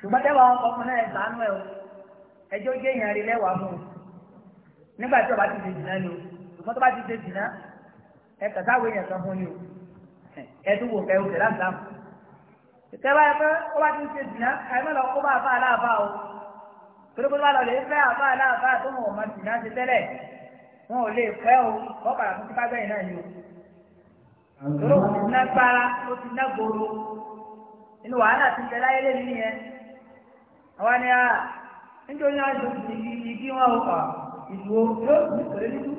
ṣùgbọ́n tẹ́wọ̀ àwọn ọkùnrin náà ṣàánú ẹ̀ o ẹjọ́ jẹ́ èèyàn rí lẹ́wàá mú nígbà tí ọba ti ṣe jìnnà ni o ṣùgbọ́n tó bá ti ṣe jìnnà ẹ kàtà àwọn èèyàn kan fún ni o ẹ tún wò ẹ o tẹ̀lé àgbà mú. ìtẹ́wọ́ ẹ pé ó bá ti ṣe jìnnà ẹ mọ̀ lọ kó bá àfa aláàbá o torí pé bá lọ lè fẹ́ àfa aláàbá tó wọn ò mọ jìnnà ṣe tẹ́lẹ̀ wọn ò lè fẹ́ o kọ́ padà fún tipa bẹ́ẹ̀ náà ni o. torí ti ná gbára ó ti ná gbòòrò àwa ni a nítorí àjò ìdí wọn ò kà ìdúró yóò sì kéré nínú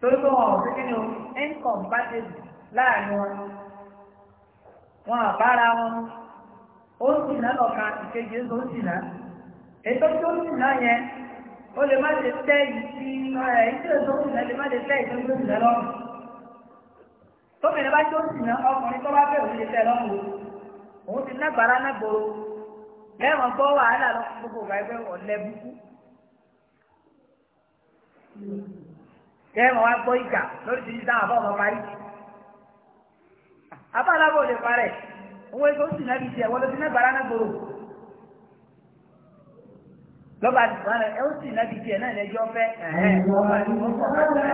torí pé wọn ò sí nínú incompatible láàrin wọn wọn àbára wọn ó sì ná lọ́ka ìkejì ó sì ná ètò tó sì ná yẹn ó lè má lè tẹ́ ìdí ọ̀rẹ́ ìdílé tó sì ná lè má lè tẹ́ ìdí tó sì ná lọ́rùn tómìnira bá tó sì ná ọkùnrin tó bá bẹ̀rù lè tẹ́ lọ́rùn òun ti nágbára nágboro. lẹ́wọ̀n gbọ́ wàhálà lọ gbogbo ìgbà ẹgbẹ́ ọ̀lẹ́ búkú lẹ́wọ̀n wá gbọ́ ìjà lórí ti dáhùn àbọ̀ ọmọ parí abálábò lè parẹ̀ owó ẹgbẹ́ oṣù náà fi tiẹ̀ wọ́n lọ sí mẹ́bàárà náà gbòòrò lọ́ba àdìgbọ́n rẹ̀ ó sì náà fi tiẹ̀ náà lẹ́jọ́ fẹ́ ẹ̀hẹ́n ọba àdìgbọ́n kọ̀ ọ́ sáà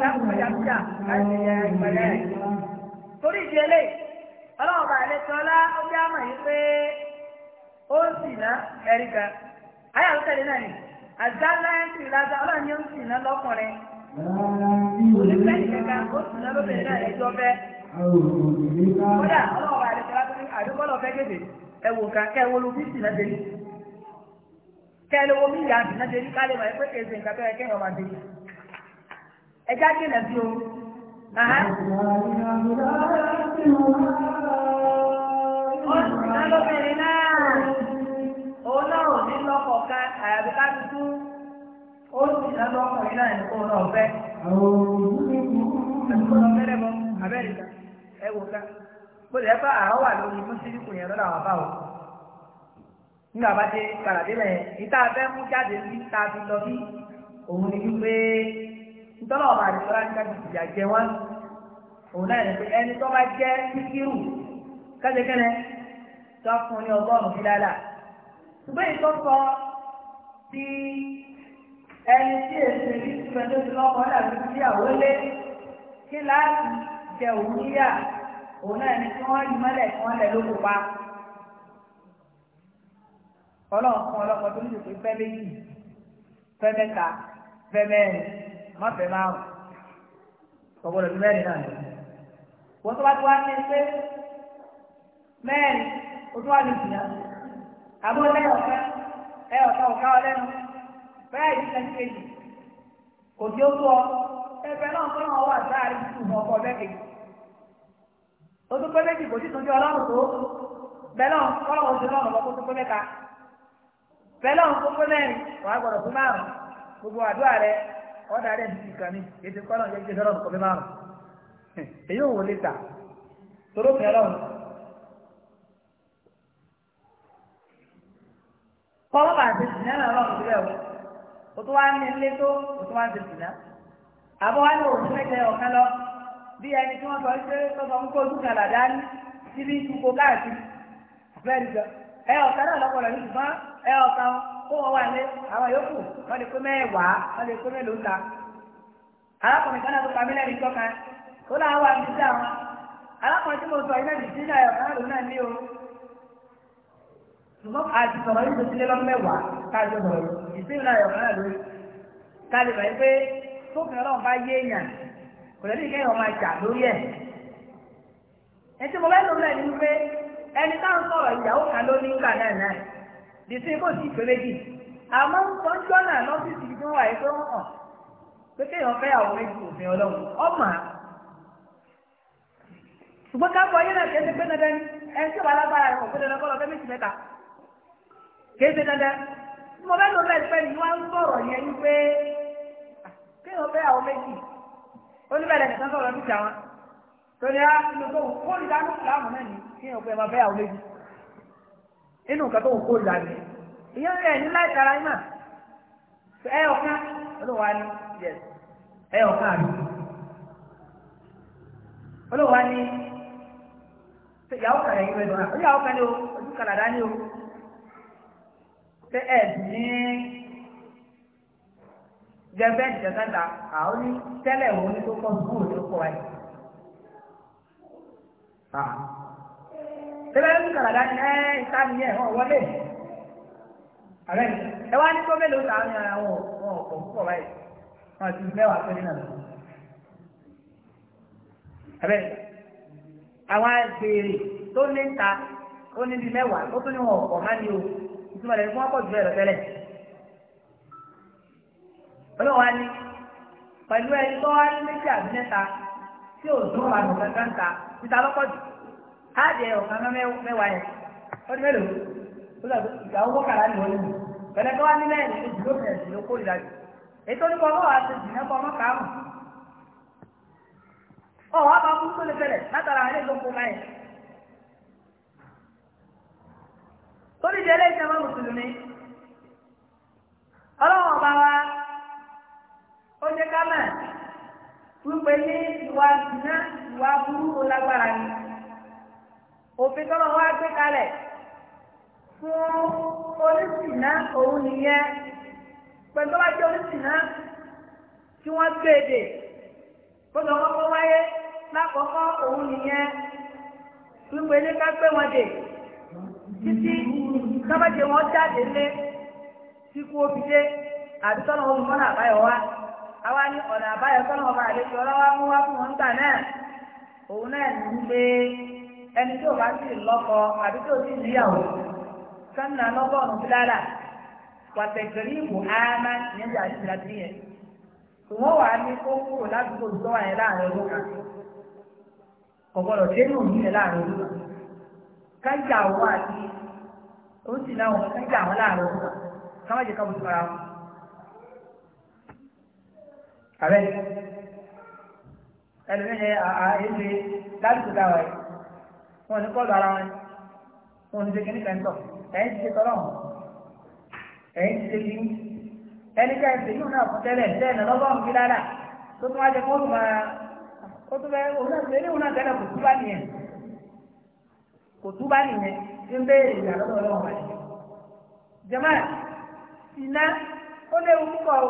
sáà sáà sáà ọlọ́run bá lè tọ́lá ó bí àmọ̀ yìí pé ó naanị, sì ná ẹ̀rí ga ayé àwọn tẹ̀lé náà ni àgbà ńlá ń sì lágbá ọlọ́run ni ó ń sì ná lọ́kùnrin onífẹ́ ìkẹ́kẹ́ ó sì ná lóbìnrin náà ẹjọ́ bẹ́ kódà ọlọ́run bá tó ní àdúgbọ́lọ̀ fẹ́ gèdè ẹ̀wò kan kẹ́ wo sì ná délé kẹ́ ló ná délé pé nǹkan tó Ọ̀sán lóbìnrin náà, òun náà ò ní lọ́kọ̀ ká àyàbí ká tuntun, o si ná lọ́kùnrin náà ní kó náà fẹ́. Ẹ̀kọ́ lọ fẹ́rẹ̀ mọ́, Amẹ́ríkà, ẹ wò ká. Bó lè fẹ́ àwọn wà lórí Mùsùlùmí yẹn lọ́dọ̀ àwọn báwọn. Nígbà bá dé Kàràdé lẹ̀, ìta fẹ́ mú jáde sí ta fi lọ bí òun ni wípé ntọ́lọ̀ ọ̀bà àdìsọ́lá ní jẹ wá. òun náà ní pé ẹni tó bá jẹ́ síkírù kẹ́lẹ́kẹ́lẹ́ tó fún ní ọgọ́rùn-ún ní dáadáa ṣùgbọ́n ìtọ́ sọ ti ẹni tí èsì ní ìtumẹ̀ tó ti lọ́kọ́ dàbí sí àwọlé kí láti jẹ òun níyà òun náà ní kí wọ́n yí mọ́lẹ̀ kí wọ́n lẹ̀ lóko pa ọlọ́run fún ọlọ́kọ tó ń dùn pé fẹ́ méjì fẹ́ mẹ́ta fẹ́ mẹ́rin má fẹ́ márùn-ún ọ̀gbọ́dọ̀ mẹ́rin náà nìyẹn. wọ́n tó bá tó wá ní pé mẹ́rin o tó wá ní ìjìyà àbó lẹ́yìn ọ̀fẹ́ ọ̀ká ọ bẹ́ẹ̀ yìí lẹ́nu kejì kò tí ó tó ọ ẹgbẹ́ náà kọ́ náà wà sáàrin tù ọkọ̀ bẹ́ẹ̀ o tó pé méjì kò sí tó ń jẹ ọlọ́run tó bẹ́ẹ̀ náà kọ́ náà oṣù náà lọ́kọ́ tó pé mẹ́ta bẹ́ẹ̀ náà kó pé mẹ́rin gbọ́dọ̀ fún márùn gbogbo àdúrà rẹ ọ̀dà rẹ̀ ti kàn mí ètò kọ́ *laughs* èyí ò wọlé ta tóró fi ọlọ́run. kọ́wọ́ bá ti sìn náà lọ́rùn sílẹ̀ o o tún wá ní ilé tó o tún wá ti sìn náà àbọ̀ wá ní òun mẹ́tẹ̀ ọ̀kan lọ bí ẹni tí wọ́n sọ pé tọ́sọ̀ ń kó ojú kan làdá ní síbi ìtukọ̀ káàkiri àbẹ́rẹ́ jọ ẹ ọ̀kan náà lọ́pọ̀lọ́ ní ṣùgbọ́n ẹ ọ̀kan kó wọn wà ní àwọn yòókù wọ́n lè pé mẹ́wàá wọ́n lè pé mẹ́lòó ta arákùnrin kan náà tó pa ó náà wà níbi àwọn alákùnrin tí mo sọ iná ìdí sílẹ̀ ẹ̀rọ náà ní o ṣùgbọ́n àti sọ̀rọ̀ yìí tó ti lé lọ́mẹ́wàá káàdì sọ̀rọ̀ ìsìn náà ẹ̀rọ náà lórí bàyí pé tófin ọlọ́run bá yé èèyàn kò lẹ́nu ìkẹyìn ọmọ àjà lórí ẹ̀ tí mo pé ẹni táwọn sọ̀rọ̀ ìyàwó kan ló ní náà náà kò sí ìpele jì àmọ́ ṣùgbọ́n ká bọ̀ ayé náà kéde pé dandan ni ẹni tí wàá lágbára rẹ̀ kò pé dandan kọ́lọ́ fẹ́ méjì mẹ́ta kéde dandan mo fẹ́ lò bẹ́ẹ̀ pẹ́ ni wọ́n ń sọ̀rọ̀ yẹn ní pé ah, kéèyàn fẹ́ àwọn méjì oníbẹ̀rẹ̀ nìkan sọ̀rọ̀ ní ìjà wọn á ah, inú tó kó ìdá ní ìlàmù náà ni kéèyàn fẹ́ máa fẹ́ àwọn méjì inú nǹkan tó kó ìdá ni ìyẹn ní láì tara yín ìyàwó kan yẹn ìwé dùn án ìyàwó kan ní o ojú kàlàdá ní o ṣé ẹ ní gẹ́gẹ́ ìjọsẹ́ta àwọn ní tẹ́lẹ̀ wo ní tó kọ́ sùkúrù tó kọ́ ẹ̀. tẹ́lẹ̀ ojú kàlàdá ní ẹ ìta mi yẹn wọ́n wọlé ààrẹ ẹ wá ní kó mélòó làwọn yàrá wọn ò kọ̀ púpọ̀ báyìí wọn ti mẹ́wàá péré náà lọ. àwọn agbèrè tó ní ta ó ní bíi mẹ́wàá ó tún ọ̀pọ̀ má ní o ìtumọ̀ rẹ̀ fún wọn pọ̀ jù bẹ́ẹ̀ lọ tẹ́lẹ̀ pẹ̀lú ẹni tó wá ní méjì àbí mẹ́ta tí ò dún wà ta títa jù á jẹ ọ̀kan mẹ́wàá yẹn ó ìgbà owó tó wá ní mẹ́rin ní ọ̀hún àbá fún tó lè fẹ́lẹ̀ látara àárẹ̀ ló kó báyìí. torí ìdí ẹlẹ́yìn ọba wa ó jẹ́ wípé ní ìwà ìná ìwà burúkú lágbára ni òfin tọ́lọ̀ wá gbé kalẹ̀ fún onísìnà òun nìyẹn pẹ̀lú ọjọ́ onísìnà tí wọ́n gbé bọ́dọ̀ kọ́kọ́ wáyé lákọ̀ọ́kọ́ òun nìyẹn wípé ní ká gbé wọn dè títí tọ́bẹ̀jẹ̀ wọn jáde lé tí kú ó fi dé àbí tọ́nà wọn mọ́nà àbáyọ wá àwa ní ọ̀nà àbáyọ tọ́nà wọn bá àlejò ọlọ́wọ́ mú wá fún wọn gbà náà òun náà ní pé ẹni tí ò bá sì lọ́kọ àbí tí ò sì níyàwó wọ́n wà ní kó kúrò ládùúgbò tó wà yẹn láàrin ọdún kan ọ̀gbọ́dọ̀ tí èèyàn yìí yẹn láàrin ọdún kan kájà wà ní ó sì náà kájà wọn láàrin ọdún kan káwọn jẹ káwọn tó fara wọn. àbẹ ẹlòmíràn yẹn àìsè ládùúgbò táwọn yìí wọn ní kọlù ara wọn wọn ní sẹkẹ nípa ẹ̀ńtọ́ ẹ̀yìn ti ṣe tọ́lọ́hún ẹ̀yìn ti ṣe kí ẹni ká ẹsẹ̀ yóò náà fún tẹ́lẹ̀ tẹ́lẹ̀ lọ́gọ́rùn-ún fi lára tó tún wá jẹ́ kó tún máa ó tún bẹ́ òun náà tẹ́lẹ̀ òun náà tẹ́lẹ̀ kò túbá nìyẹn kò túbá nìyẹn tí ń bẹ́ ìyá lọ́dọ̀ ọlọ́run rẹ̀. jẹ́mọ́ iná ó léwu púpọ̀ o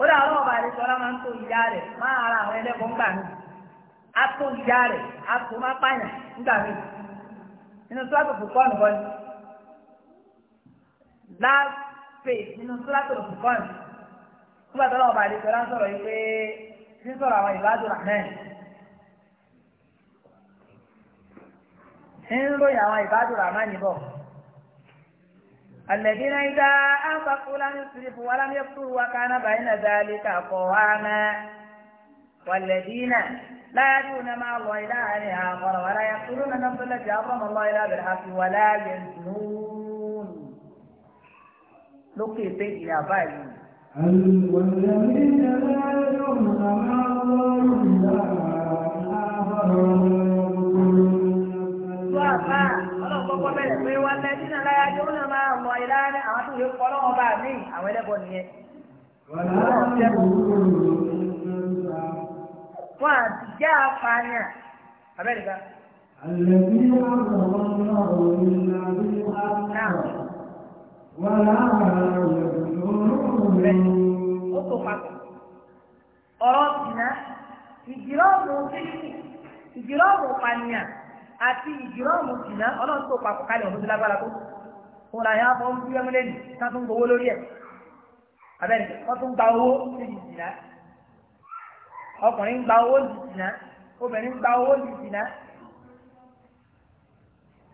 ó dà ọlọ́run bá rẹ̀ sọ́lá máa ń tó ìyá rẹ̀ máa ara àwọn ẹlẹ́kọ̀ọ́ ńgbà mi á tó ìyá rẹ̀ á tó má pààyàn ńgbà mi inú tó àgbègbè kọ́ ọ̀nà bọ́ni. láti pè nínú sọ́látò lọ́sùkọ́ọ̀nù nígbà tó lọ́wọ́ bàdé sọ́lá ń sọ̀rọ̀ yìí pé ní sọ̀rọ̀ àwọn ìbáàdù rahman ń ròyìn àwọn ìbáàdù rahman bọ̀ الذين إذا أنفقوا لم يسرفوا ولم يقتروا وكان بين ذلك قواما والذين لا يدعون مع الله إلها آخر ولا يقتلون نفس التي حرم الله إلا بالحق ولا يزنون lókè pé ìyá báyìí. Lọ́àbá àwọn àti jẹ́ apààyàn. Abẹ́rẹ́ ká. Àlẹ́ wọ́n rọ̀ wọ́n náà rọ̀ nígbà bí ó tó papọ̀ ọ̀rọ̀ ìná ìjìrọ́ọ̀mù kíríkì ìjìrọ́ọ̀mù pànìyàn àti ìjìrọ́ọ̀mù ìná ọlọ́run tó papọ̀ kalẹ̀ ọ̀dọ́ lágbára tó fún ra yàrá fún bí ọmọlẹ́ nì ká tún gbowó lórí ẹ̀ abẹ́rẹ́ wọ́n tún gba owó níbi ìjìnà ọkùnrin gba owó níbi ìjìnà obìnrin gba owó níbi ìjìnà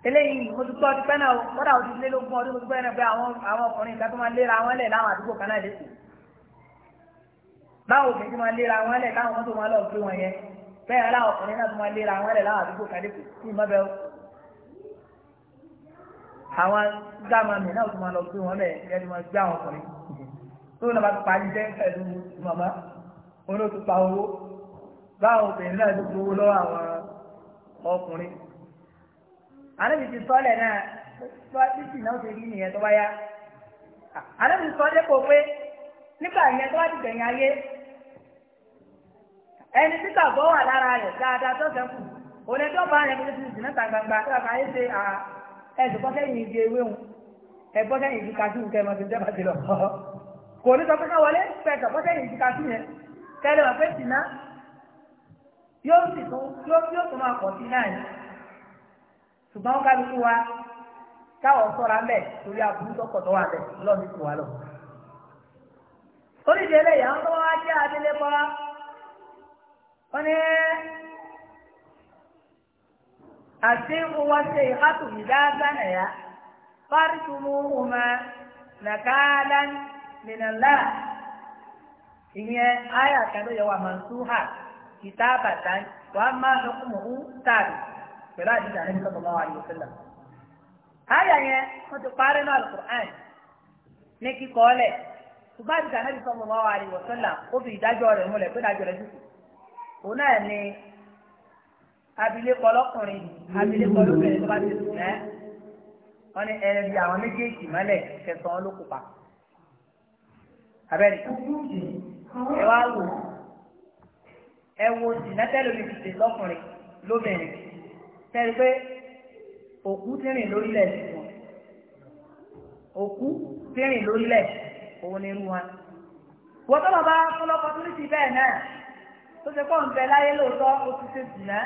eléyìí mo ti gbọ́ ọdún pẹ́ náà kódà ó ti lé lógún ọdún mo ti gbọ́ ẹ̀rọ pé àwọn àwọn ọkùnrin ìta tó máa léra wọn lẹ̀ láwọn àdúgbò kan náà lẹ́sìn báwo obìnrin ti máa léra wọn lẹ̀ táwọn mọ́tò wọn lọ gbé wọn yẹn bẹ́ẹ̀ láwọn ọkùnrin náà tó máa léra wọn lẹ̀ láwọn àdúgbò kan lẹ́sìn kí n má bẹ́ẹ̀ àwọn gáàmàmì náà tó máa lọ gbé wọn lẹ̀ kẹ́ni wọn gbé àwọn ọkùnrin tó lọ́ ànábì ti sọ́lẹ̀ náà tó wá títì náà ti rí nìyẹn tó wáyá ànábì sọ dépò pé nígbà yẹn tó wá ti gbẹ̀yìn ayé ka tí kàgbọ́ wà lára rẹ̀ dáadáa tó fẹ́ one òní tó bá yẹn kó ti gbangba tó bá yẹn ṣe ẹ̀sùn kọ́kẹ́ yìí di ewé wọn ẹ̀gbọ́n kò ní ká wọlé wà yóò tún yóò tún náà yìí. ṣùgbọ́n kálukú wa káwọn sọ̀ra mẹ́ torí aburú tọkọtọ wà lẹ̀ lọ́ọ̀dún tó wà lọ. oríṣi eléyà ń tọ́wọ́ ajé adélé kọ́ wọ́n ní àti wọ́sẹ̀ ìhátù ìdáadáa ya fárítùmù ọmọ nàkàlà nìlànà ìyẹn ayàkàndó yẹ wà màsúhà kìtàbàtà wàá má lọkùnmọ̀ ń tàbí pẹ̀lú àdìsí àrẹ́bí sọ́kọ̀ bá wà ní ìṣẹ̀lẹ̀. Àyà yẹn wọ́n ti parí náà Al-Qur'an ní kíkọ́ ọ̀lẹ̀. Ṣùgbọ́n àdìsí àrẹ́bí sọ́kọ̀ bá wà ní ìṣẹ̀lẹ̀ ó fi ìdájọ́ rẹ̀ múlẹ̀ pé ìdájọ́ rẹ̀ dùkú. Òun náà ni abilékọ lọ́kùnrin abilékọ lóbìnrin tó bá ti sùn ẹ́. Wọ́n ní ẹrẹ́ bí àwọn méjèèjì mọ́lẹ̀ kẹsàn-án ló kópa. Abẹ́rẹ́ ẹ wá wò ẹ wo sìnátẹ́lómi ti lọ́kùnrin lóbìnrin. tẹ́rí pé òkú ti lórílẹ̀ wọn òkú ti lórílẹ̀ ti bẹ́ẹ̀ náà tó ṣe pọ̀ ń láyé lóòótọ́ ó ti ṣe sì náà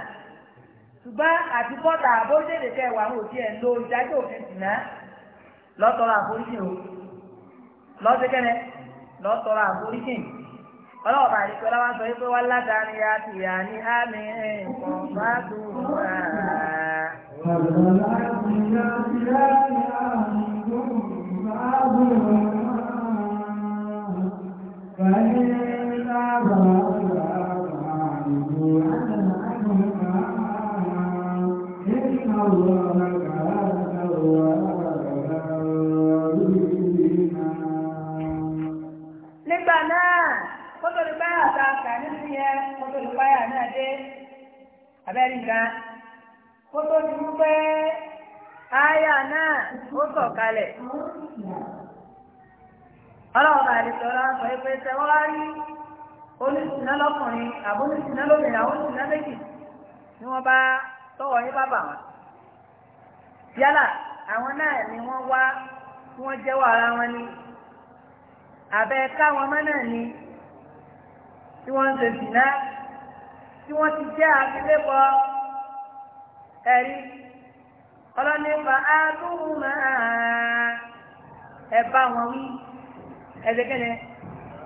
ṣùgbọ́n àti bọ́tà àbójútèdè kẹwàá àwọn lo ìdájọ́ òfin náà o lọ́sẹ̀kẹ́rẹ́ lọ́tọ̀ọ̀rọ̀ àforíjì ọlọ́ọ̀bà àdìpẹ́ sọ wọ́n ládàá ni a ti yà ní فبلغنا في ذات آمن معظم ọ̀la sọ pé tẹwọ́ rí oníṣìná lọ́kùnrin àbó oníṣìná lóbìnrin àwọn oníṣìná méjì ni wọ́n bá tọwọ́ yín bá bà wọ́n. yálà àwọn náà ni wọ́n wá tí wọ́n jẹ́wọ́ ara wọn ni àbẹ̀ káwọn ọmọ náà ni tí wọ́n ń ṣe ṣìná tí wọ́n ti jẹ́ àfilẹ́kọ̀ọ́ ẹ̀rí ọlọ́ni fa áàdùn máa ẹ̀ bá wọn wí ẹ̀dẹ̀kẹ́lẹ̀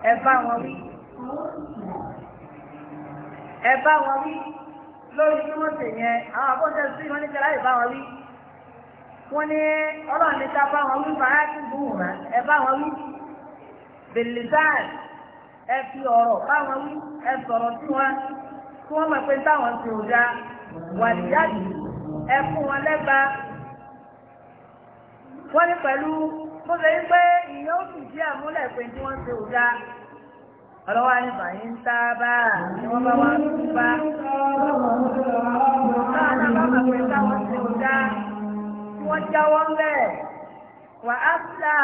ẹ bá wọn wí ẹ bá wọn wí lórí bí wọ́n ṣe yẹn àwọn àbọ̀ṣẹ́ sí wọn ní kẹlá ìbá wọn wí wọ́n ní ọlọ́run ní ká bá wọn wí bàá kí n bùn wọn ẹ bá wọn wí bèlìbáàlì ẹ fi ọ̀rọ̀ bá wọn wí ẹ sọ̀rọ̀ sí wọn kí wọ́n mọ̀ pé táwọn ti ò dáa wàdìjáde ẹ fún wọn lẹ́gbàá wọ́n ní pẹ̀lú mo fẹ́ pé ìyẹn ó sì jẹ́ àmúlẹ̀ pé tí wọ́n ṣe ò dá ọlọ́wà ní bàyí ń tá bá ni wọ́n bá wà ń tún bá táwọn náà bá máa pè táwọn ṣe ò dá tí wọ́n jáwọ́ ńlẹ̀ wà á fúlà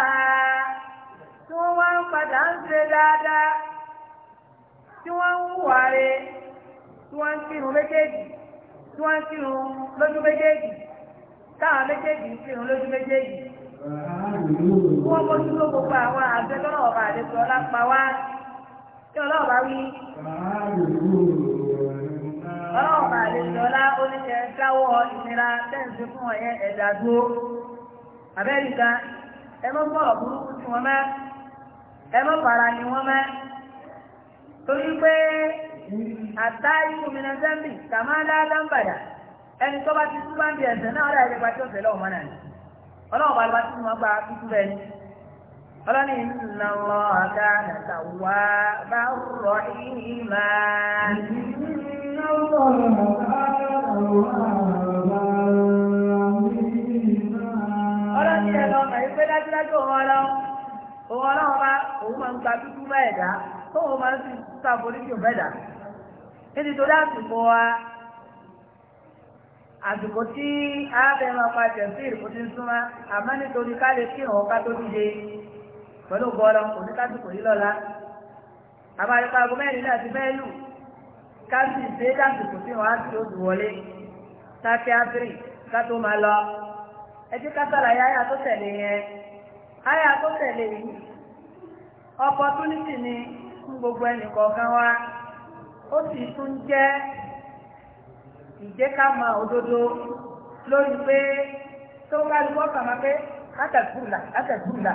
tí wọ́n wá ń padà ń ṣe dáadáa tí wọ́n ń hùwà rẹ̀ tí wọ́n ń kírun méjèèjì tí wọ́n ń kírun lójú méjèèjì táwọn méjèèjì ń kírun lójú méjèèjì. Wọ́n bójú ló gbogbo àwọn àbẹ́ lọ́rọ̀ ọba àdéjọ wá tí ọlọ́ọ̀bá wí. Ọlọ́ọ̀bá àdéjọ lá oníṣẹ́ dáwọ́ ìnira tẹ́ǹsì fún ọ̀yẹ́ ẹ̀dá Amẹ́ríkà burúkú tí wọ́n mẹ́, bàrà ni wọ́n mẹ́. Torí pé àtàrí òmìnira Zambi kàmáńdá Lámbàdà ẹni tó bá ọlọ́run bá tí wọ́n gba kíkú rẹ̀ ni ọlọ́ni ìnà lọ àga nàta wá bá rọ ìhìnmá. ìnà ọlọ́ni ẹ̀ lọ́mọ yìí pé dájúdájú òun ọlọ́run òun ọlọ́run bá òun máa ń gba bẹ́ẹ̀ dá tóun máa ń nítorí àsìkò wa. àsìkò tí abẹ́rẹ́ ma tẹ̀síìrì kò ti ń súnmọ́ àmọ́ nítorí ká lè kí ìrànwọ́ ká tó dìde pẹ̀lú bọ́ọ̀lọ́ kò ní kásìkò yìí lọ́la àbárípa ago mẹ́rin náà ti fẹ́ lù ká sì ṣe é tí wọ́n á sì ó wọlé táfíà tírì ká tó máa lọ ẹ jẹ́ ká yẹn yìí ni fún gbogbo ẹnì ìjẹ́ ká mọ òdodo lórí pé tó bá pé átàgbùrùlà átàgbùrùlà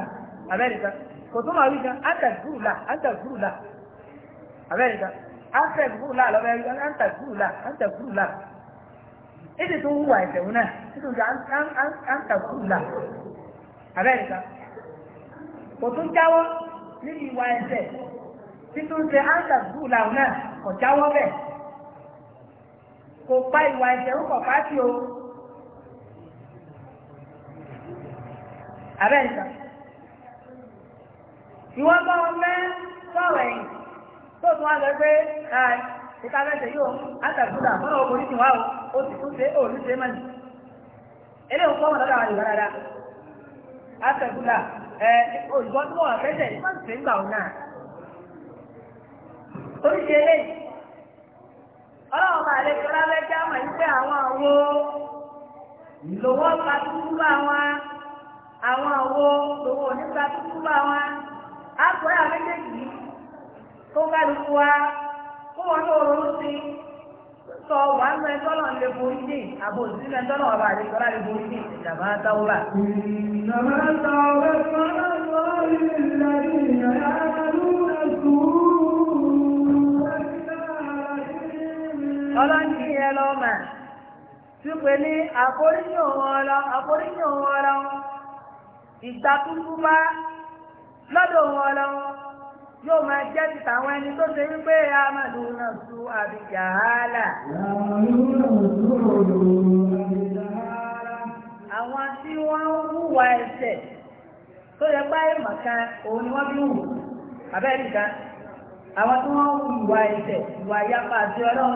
abẹ́rẹ́ta kò tó máa wí gan átàgbùrùlà átàgbùrùlà abẹ́rẹ́ta átàgbùrùlà lọ́wọ́ átàgbùrùlà átàgbùrùlà èdè tó ń wà ẹ̀sẹ̀wò náà kò tó jáwọ́ ìwà ẹ̀sẹ̀ títún náà kò jáwọ́ bẹ́ẹ̀. kò pa ìwà ìṣẹ̀rú kọ̀ọ̀pá sí o. Abẹ́ ìgbà. Ìwọ́n bá wọn mẹ́ sọ̀rọ̀ ẹ̀yìn tó tún lọ pé ìta mẹ́sẹ̀ yóò átàkùdà fọ́nà ọkọ̀ orí o sì tún ṣe lọ́dọ̀ àwọn tó wọ̀ fẹ́sẹ̀ ní wọ́n òun náà. eléyìí ọlọ́run bá lè fi lábẹ́ jẹ́ awọn wípé àwọn àwo lówó ta tútú àwọn àwo lówó oníta tútú bá wọn á kọ́ kálukú wa kó wọn ní òórùn sí sọ wà ń náà lè borí dé àbò ọlọ́ọ̀ni yẹn lọ mà túpè ní àforíjì òun ọlọ àforíjì òun ọlọ ìgbà tuntun bá lọ́dọ̀ òun ọlọ yóò máa jẹ́ ti tàwọn ẹni tó ṣe wípé amadu náà su àbíjàhálà. àwọn tí wọ́n ń hùwà ẹ̀ṣẹ̀ tó yẹ pé àìmọ̀ kan òun ni wọ́n fi wù abẹ́rẹ́ àwọn tí wọ́n ń hùwà ẹ̀ṣẹ̀ ìwà ìyapa àti ọlọ́run.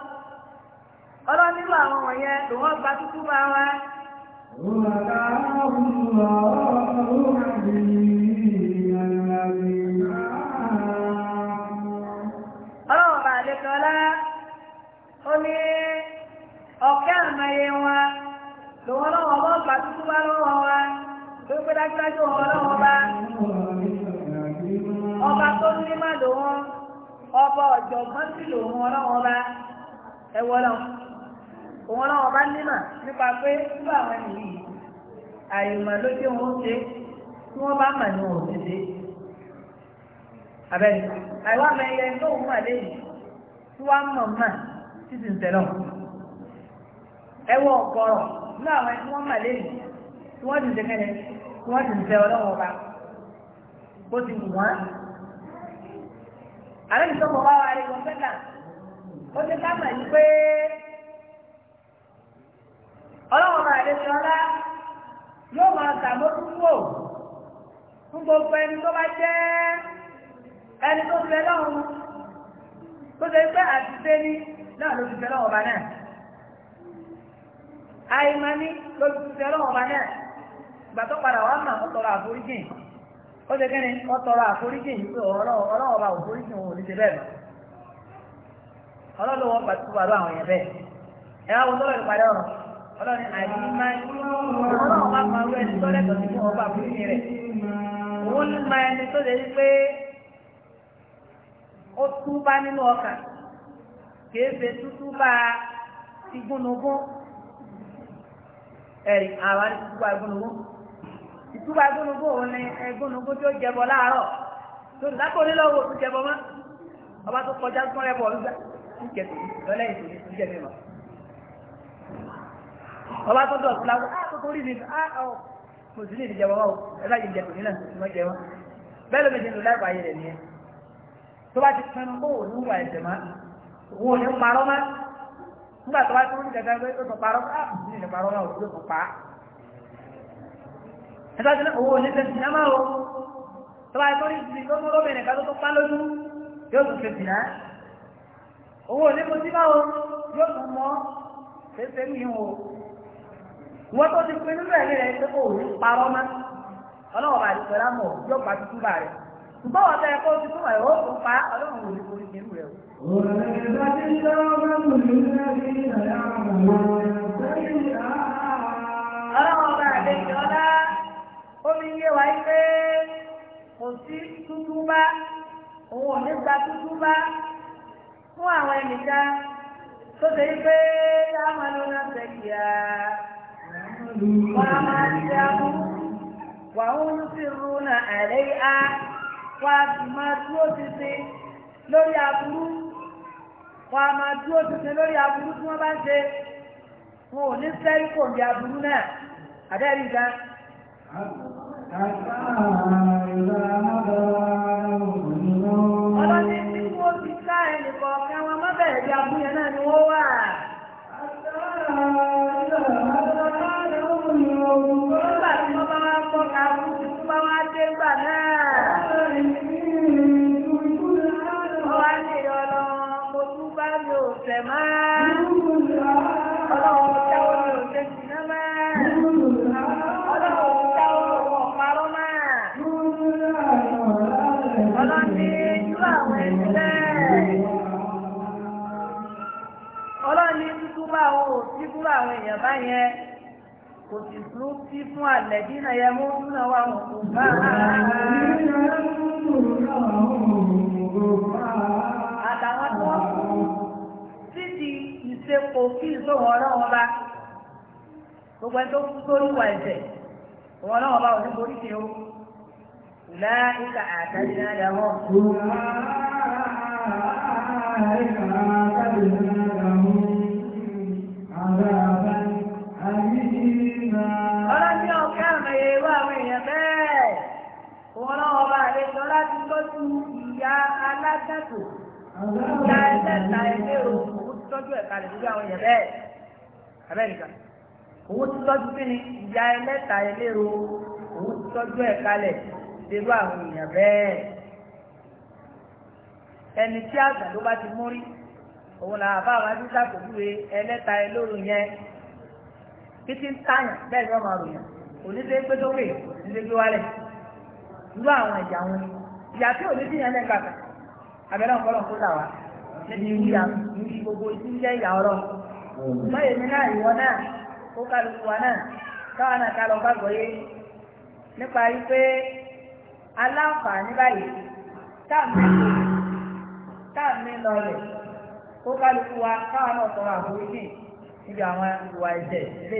ọlọ́run nínú àwọn wọ̀nyẹn ló gba tútù máa wá. ọlọ́run bá lè ó ní ọ̀kẹ́ wa lòun ọlọ́run ọba gba tútù bá lọ́wọ́ wa dájúdájú bá ọba tó ní má ọba sí bá òun náà bá nímà nípa pé nígbà àwọn ènìyàn àyùmọ̀ ló dé wọn ṣe tí wọ́n bá mà ní òun ṣe abẹ́rẹ́ àìwá mẹ́yẹ lóhùn mà léyìí tí wọ́n mọ̀ mà títí ń tẹ̀lọ́ ẹwọ́ ọ̀gọ́rọ̀ ní àwọn ẹni tí wọ́n mà léyìí tí wọ́n ti ń tẹ́kẹ́lẹ́ tí wọ́n ti ń tẹ ọlọ́wọ́ ọba bó ti wù wọ́n. àlejò tó wá wá rí wọn fẹ́ ó ti ká mà yí pé. ọlọ́wọ́n yóò máa fún ọba náà àìmọ́ ló ti fẹ́ lọ́wọ́ ọba náà ìgbà tó padà wá mà ó tọrọ àforíjì ó ṣe kẹ́ni ó tọrọ yìí pé ọlọ́wọ́ òun ò ní ṣe bẹ́ẹ̀ lọ pàdó àwọn èèyàn bẹ́ẹ̀ ẹ̀ wá tọ́lọ́ ìpàdé ọlọ́ni àyíká ọlọ́run bá máa rú ẹni tó lẹ́tọ̀ọ́ sí fún ọba àbúrúkú rẹ̀ òun ní máa ẹni tó lè rí pé ó túbá nínú ọkàn kìí ṣe túbá ti gúnnugún ẹ̀rì àwa ní túbá gúnnugún ìtúbá gúnnugún òun ni gúnnugún tí ó jẹbọ láàárọ̀ tó ní lápò onílọ́wọ́ tó jẹbọ mọ́ ọba tó kọjá tó rẹ̀ bọ̀ ń jẹ lọ́lẹ́yìn tó ní tó jẹ mímọ́ ọba tó dọ̀ síláwọ́ àkókò ah, rí mi àwọ̀ ah, mo sì ní ìdíjẹba wà ó ẹ̀rọ àyè ìjẹ̀kùn nínà ìmọ̀ jẹ wọn bẹ́ẹ̀ ló méje ló láìpẹ́ ayé rẹ̀ nìyẹn tó bá ti pinnu kó òun wà ẹ̀jẹ̀ má òun ò ní parọ́ má nígbà tó bá tó ní gàgà pé ó tó parọ́ á ah, sì ní parọ́ náà ó tó pa á ẹ̀dá ti ní owó ní tẹ̀sí ní amáwó tó bá tó ní ti tó mú lóbìnrin owó ní mo ti báwo yóò tún mọ́ tẹ̀sí ní ìhùn wọ́n tó ti pinnu bẹ́ẹ̀ rẹ̀ pé kò ní parọ́ mọ́ ọlọ́wọ́ bá ti pẹ̀lú àmọ̀ yóò gba tuntun bá rẹ̀ ṣùgbọ́n tẹ́ kó ti tún ẹ̀ ó pa ọlọ́run ò ní orí kìí rẹ̀ o. ọlọ́wọ́ bá àlejò ọlá omi yé wa pé kò sí tuntun bá òun ò ní gba tuntun bá fún àwọn ẹnìkan tó ṣe pé táwọn ọlọ́run náà tẹ̀ kìí ومكروا وهم يصرون عليها wọ́n á máa dúró títí lórí aburú wọ́n á máa dúró títí lórí aburú tí wọ́n bá ń ṣe wọn ò ní sẹ́rí kò ní aburú náà àdẹ́rì gan. ọlọ́ni tí wọ́n fi ká ẹnìkan wọn má bí aburú náà ni wọ́n wà. àwọn èèyàn báyẹn kò sì tún sí fún àlẹ́dínà yẹn mú náà wà wọn kò bá àtàwọn tó wọ́n kú títí ìsepò kí ìsòwò ọlọ́wọ́ bá gbogbo ẹni tó kú sórí ìwà ẹ̀ṣẹ̀ òun ọlọ́wọ́ bá òun ní borí ṣe o ìlà ìkà àtàlẹ́ náà yà wọ́n. ọlọ́run ìyá alágbàtò ìyá ẹlẹ́ta ilé òkú ti tọ́jú ẹ̀ka rẹ̀ lórí àwọn èèyàn bẹ́ẹ̀ abẹ́nìkan owó ti tọ́jú kí ni ìyá ẹlẹ́ta ilé ro owó ti tọ́jú ẹ̀ka rẹ̀ lérú àwọn èèyàn bẹ́ẹ̀ ẹni tí àgbà ló bá ti mú rí òun làwọn àbá àwọn adúlá kò ẹlẹ́ta ẹlóru yẹn títí ń tààyàn bẹ́ẹ̀ ni wọ́n máa ròyìn onídé gbé sókè onídé gbé wálẹ̀ irú àwọn ẹ̀yà wọn ni ìyàtí ò ní sí yẹn lẹ́gbàá kan abẹ́rẹ́ ọ̀pọ̀lọ̀ kó là wá níbi ìyá níbi gbogbo ìdíjẹ́ ìyá ọ̀rọ̀ báyìí mi náà ìwọ náà ó kálukú wa náà káwa náà ká lọ gbàgbọ́ yé nípa yí pé aláǹfààní báyìí táàmì lọ rẹ̀ ó kálukú wa káwa náà sọ̀rọ̀ àforíjì níbi àwọn ìwà ẹ̀jẹ̀ ilé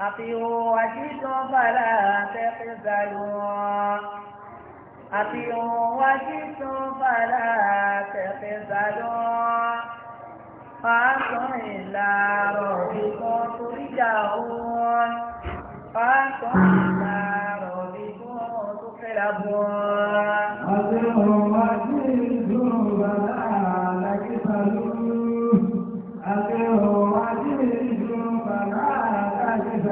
أطيعوا وجيتوا فلا تقبلوا أطيعوا وجيتوا فلا تقبلوا فأنتم إلى ربكم ترجعون فأنتم إلى ربكم تقلبون أطيعوا وجيتوا فلا تقبلوا أطيعوا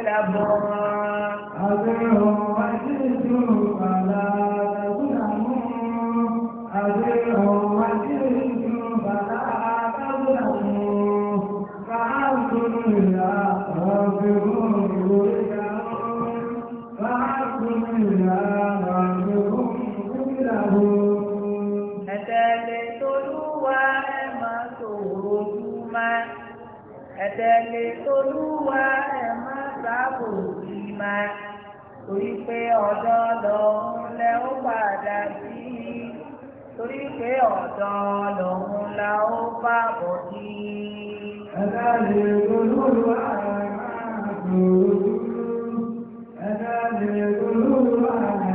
لبرار أذرهم وجدتم فلا تظلموا أذرهم وجدتم فلا تظلموا فأنتم إلى ربكم ترجعون فأنتم إلى ربكم ترجعون Ẹ̀tẹ̀lẹ̀ tolúwa kò sí máa torí pé ọ̀dọ́ lòun lẹ ó padà sí torí pé ọ̀dọ́ lòun la ó bá bọ̀ sí. ẹ̀dá lè olóró àrùn àgbòrò ẹ̀dá lè olóró àrùn.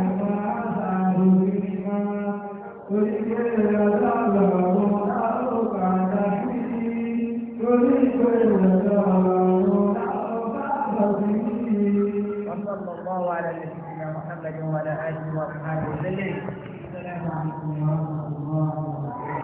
وعلى آله وأصحابه وسلم السلام عليكم ورحمة الله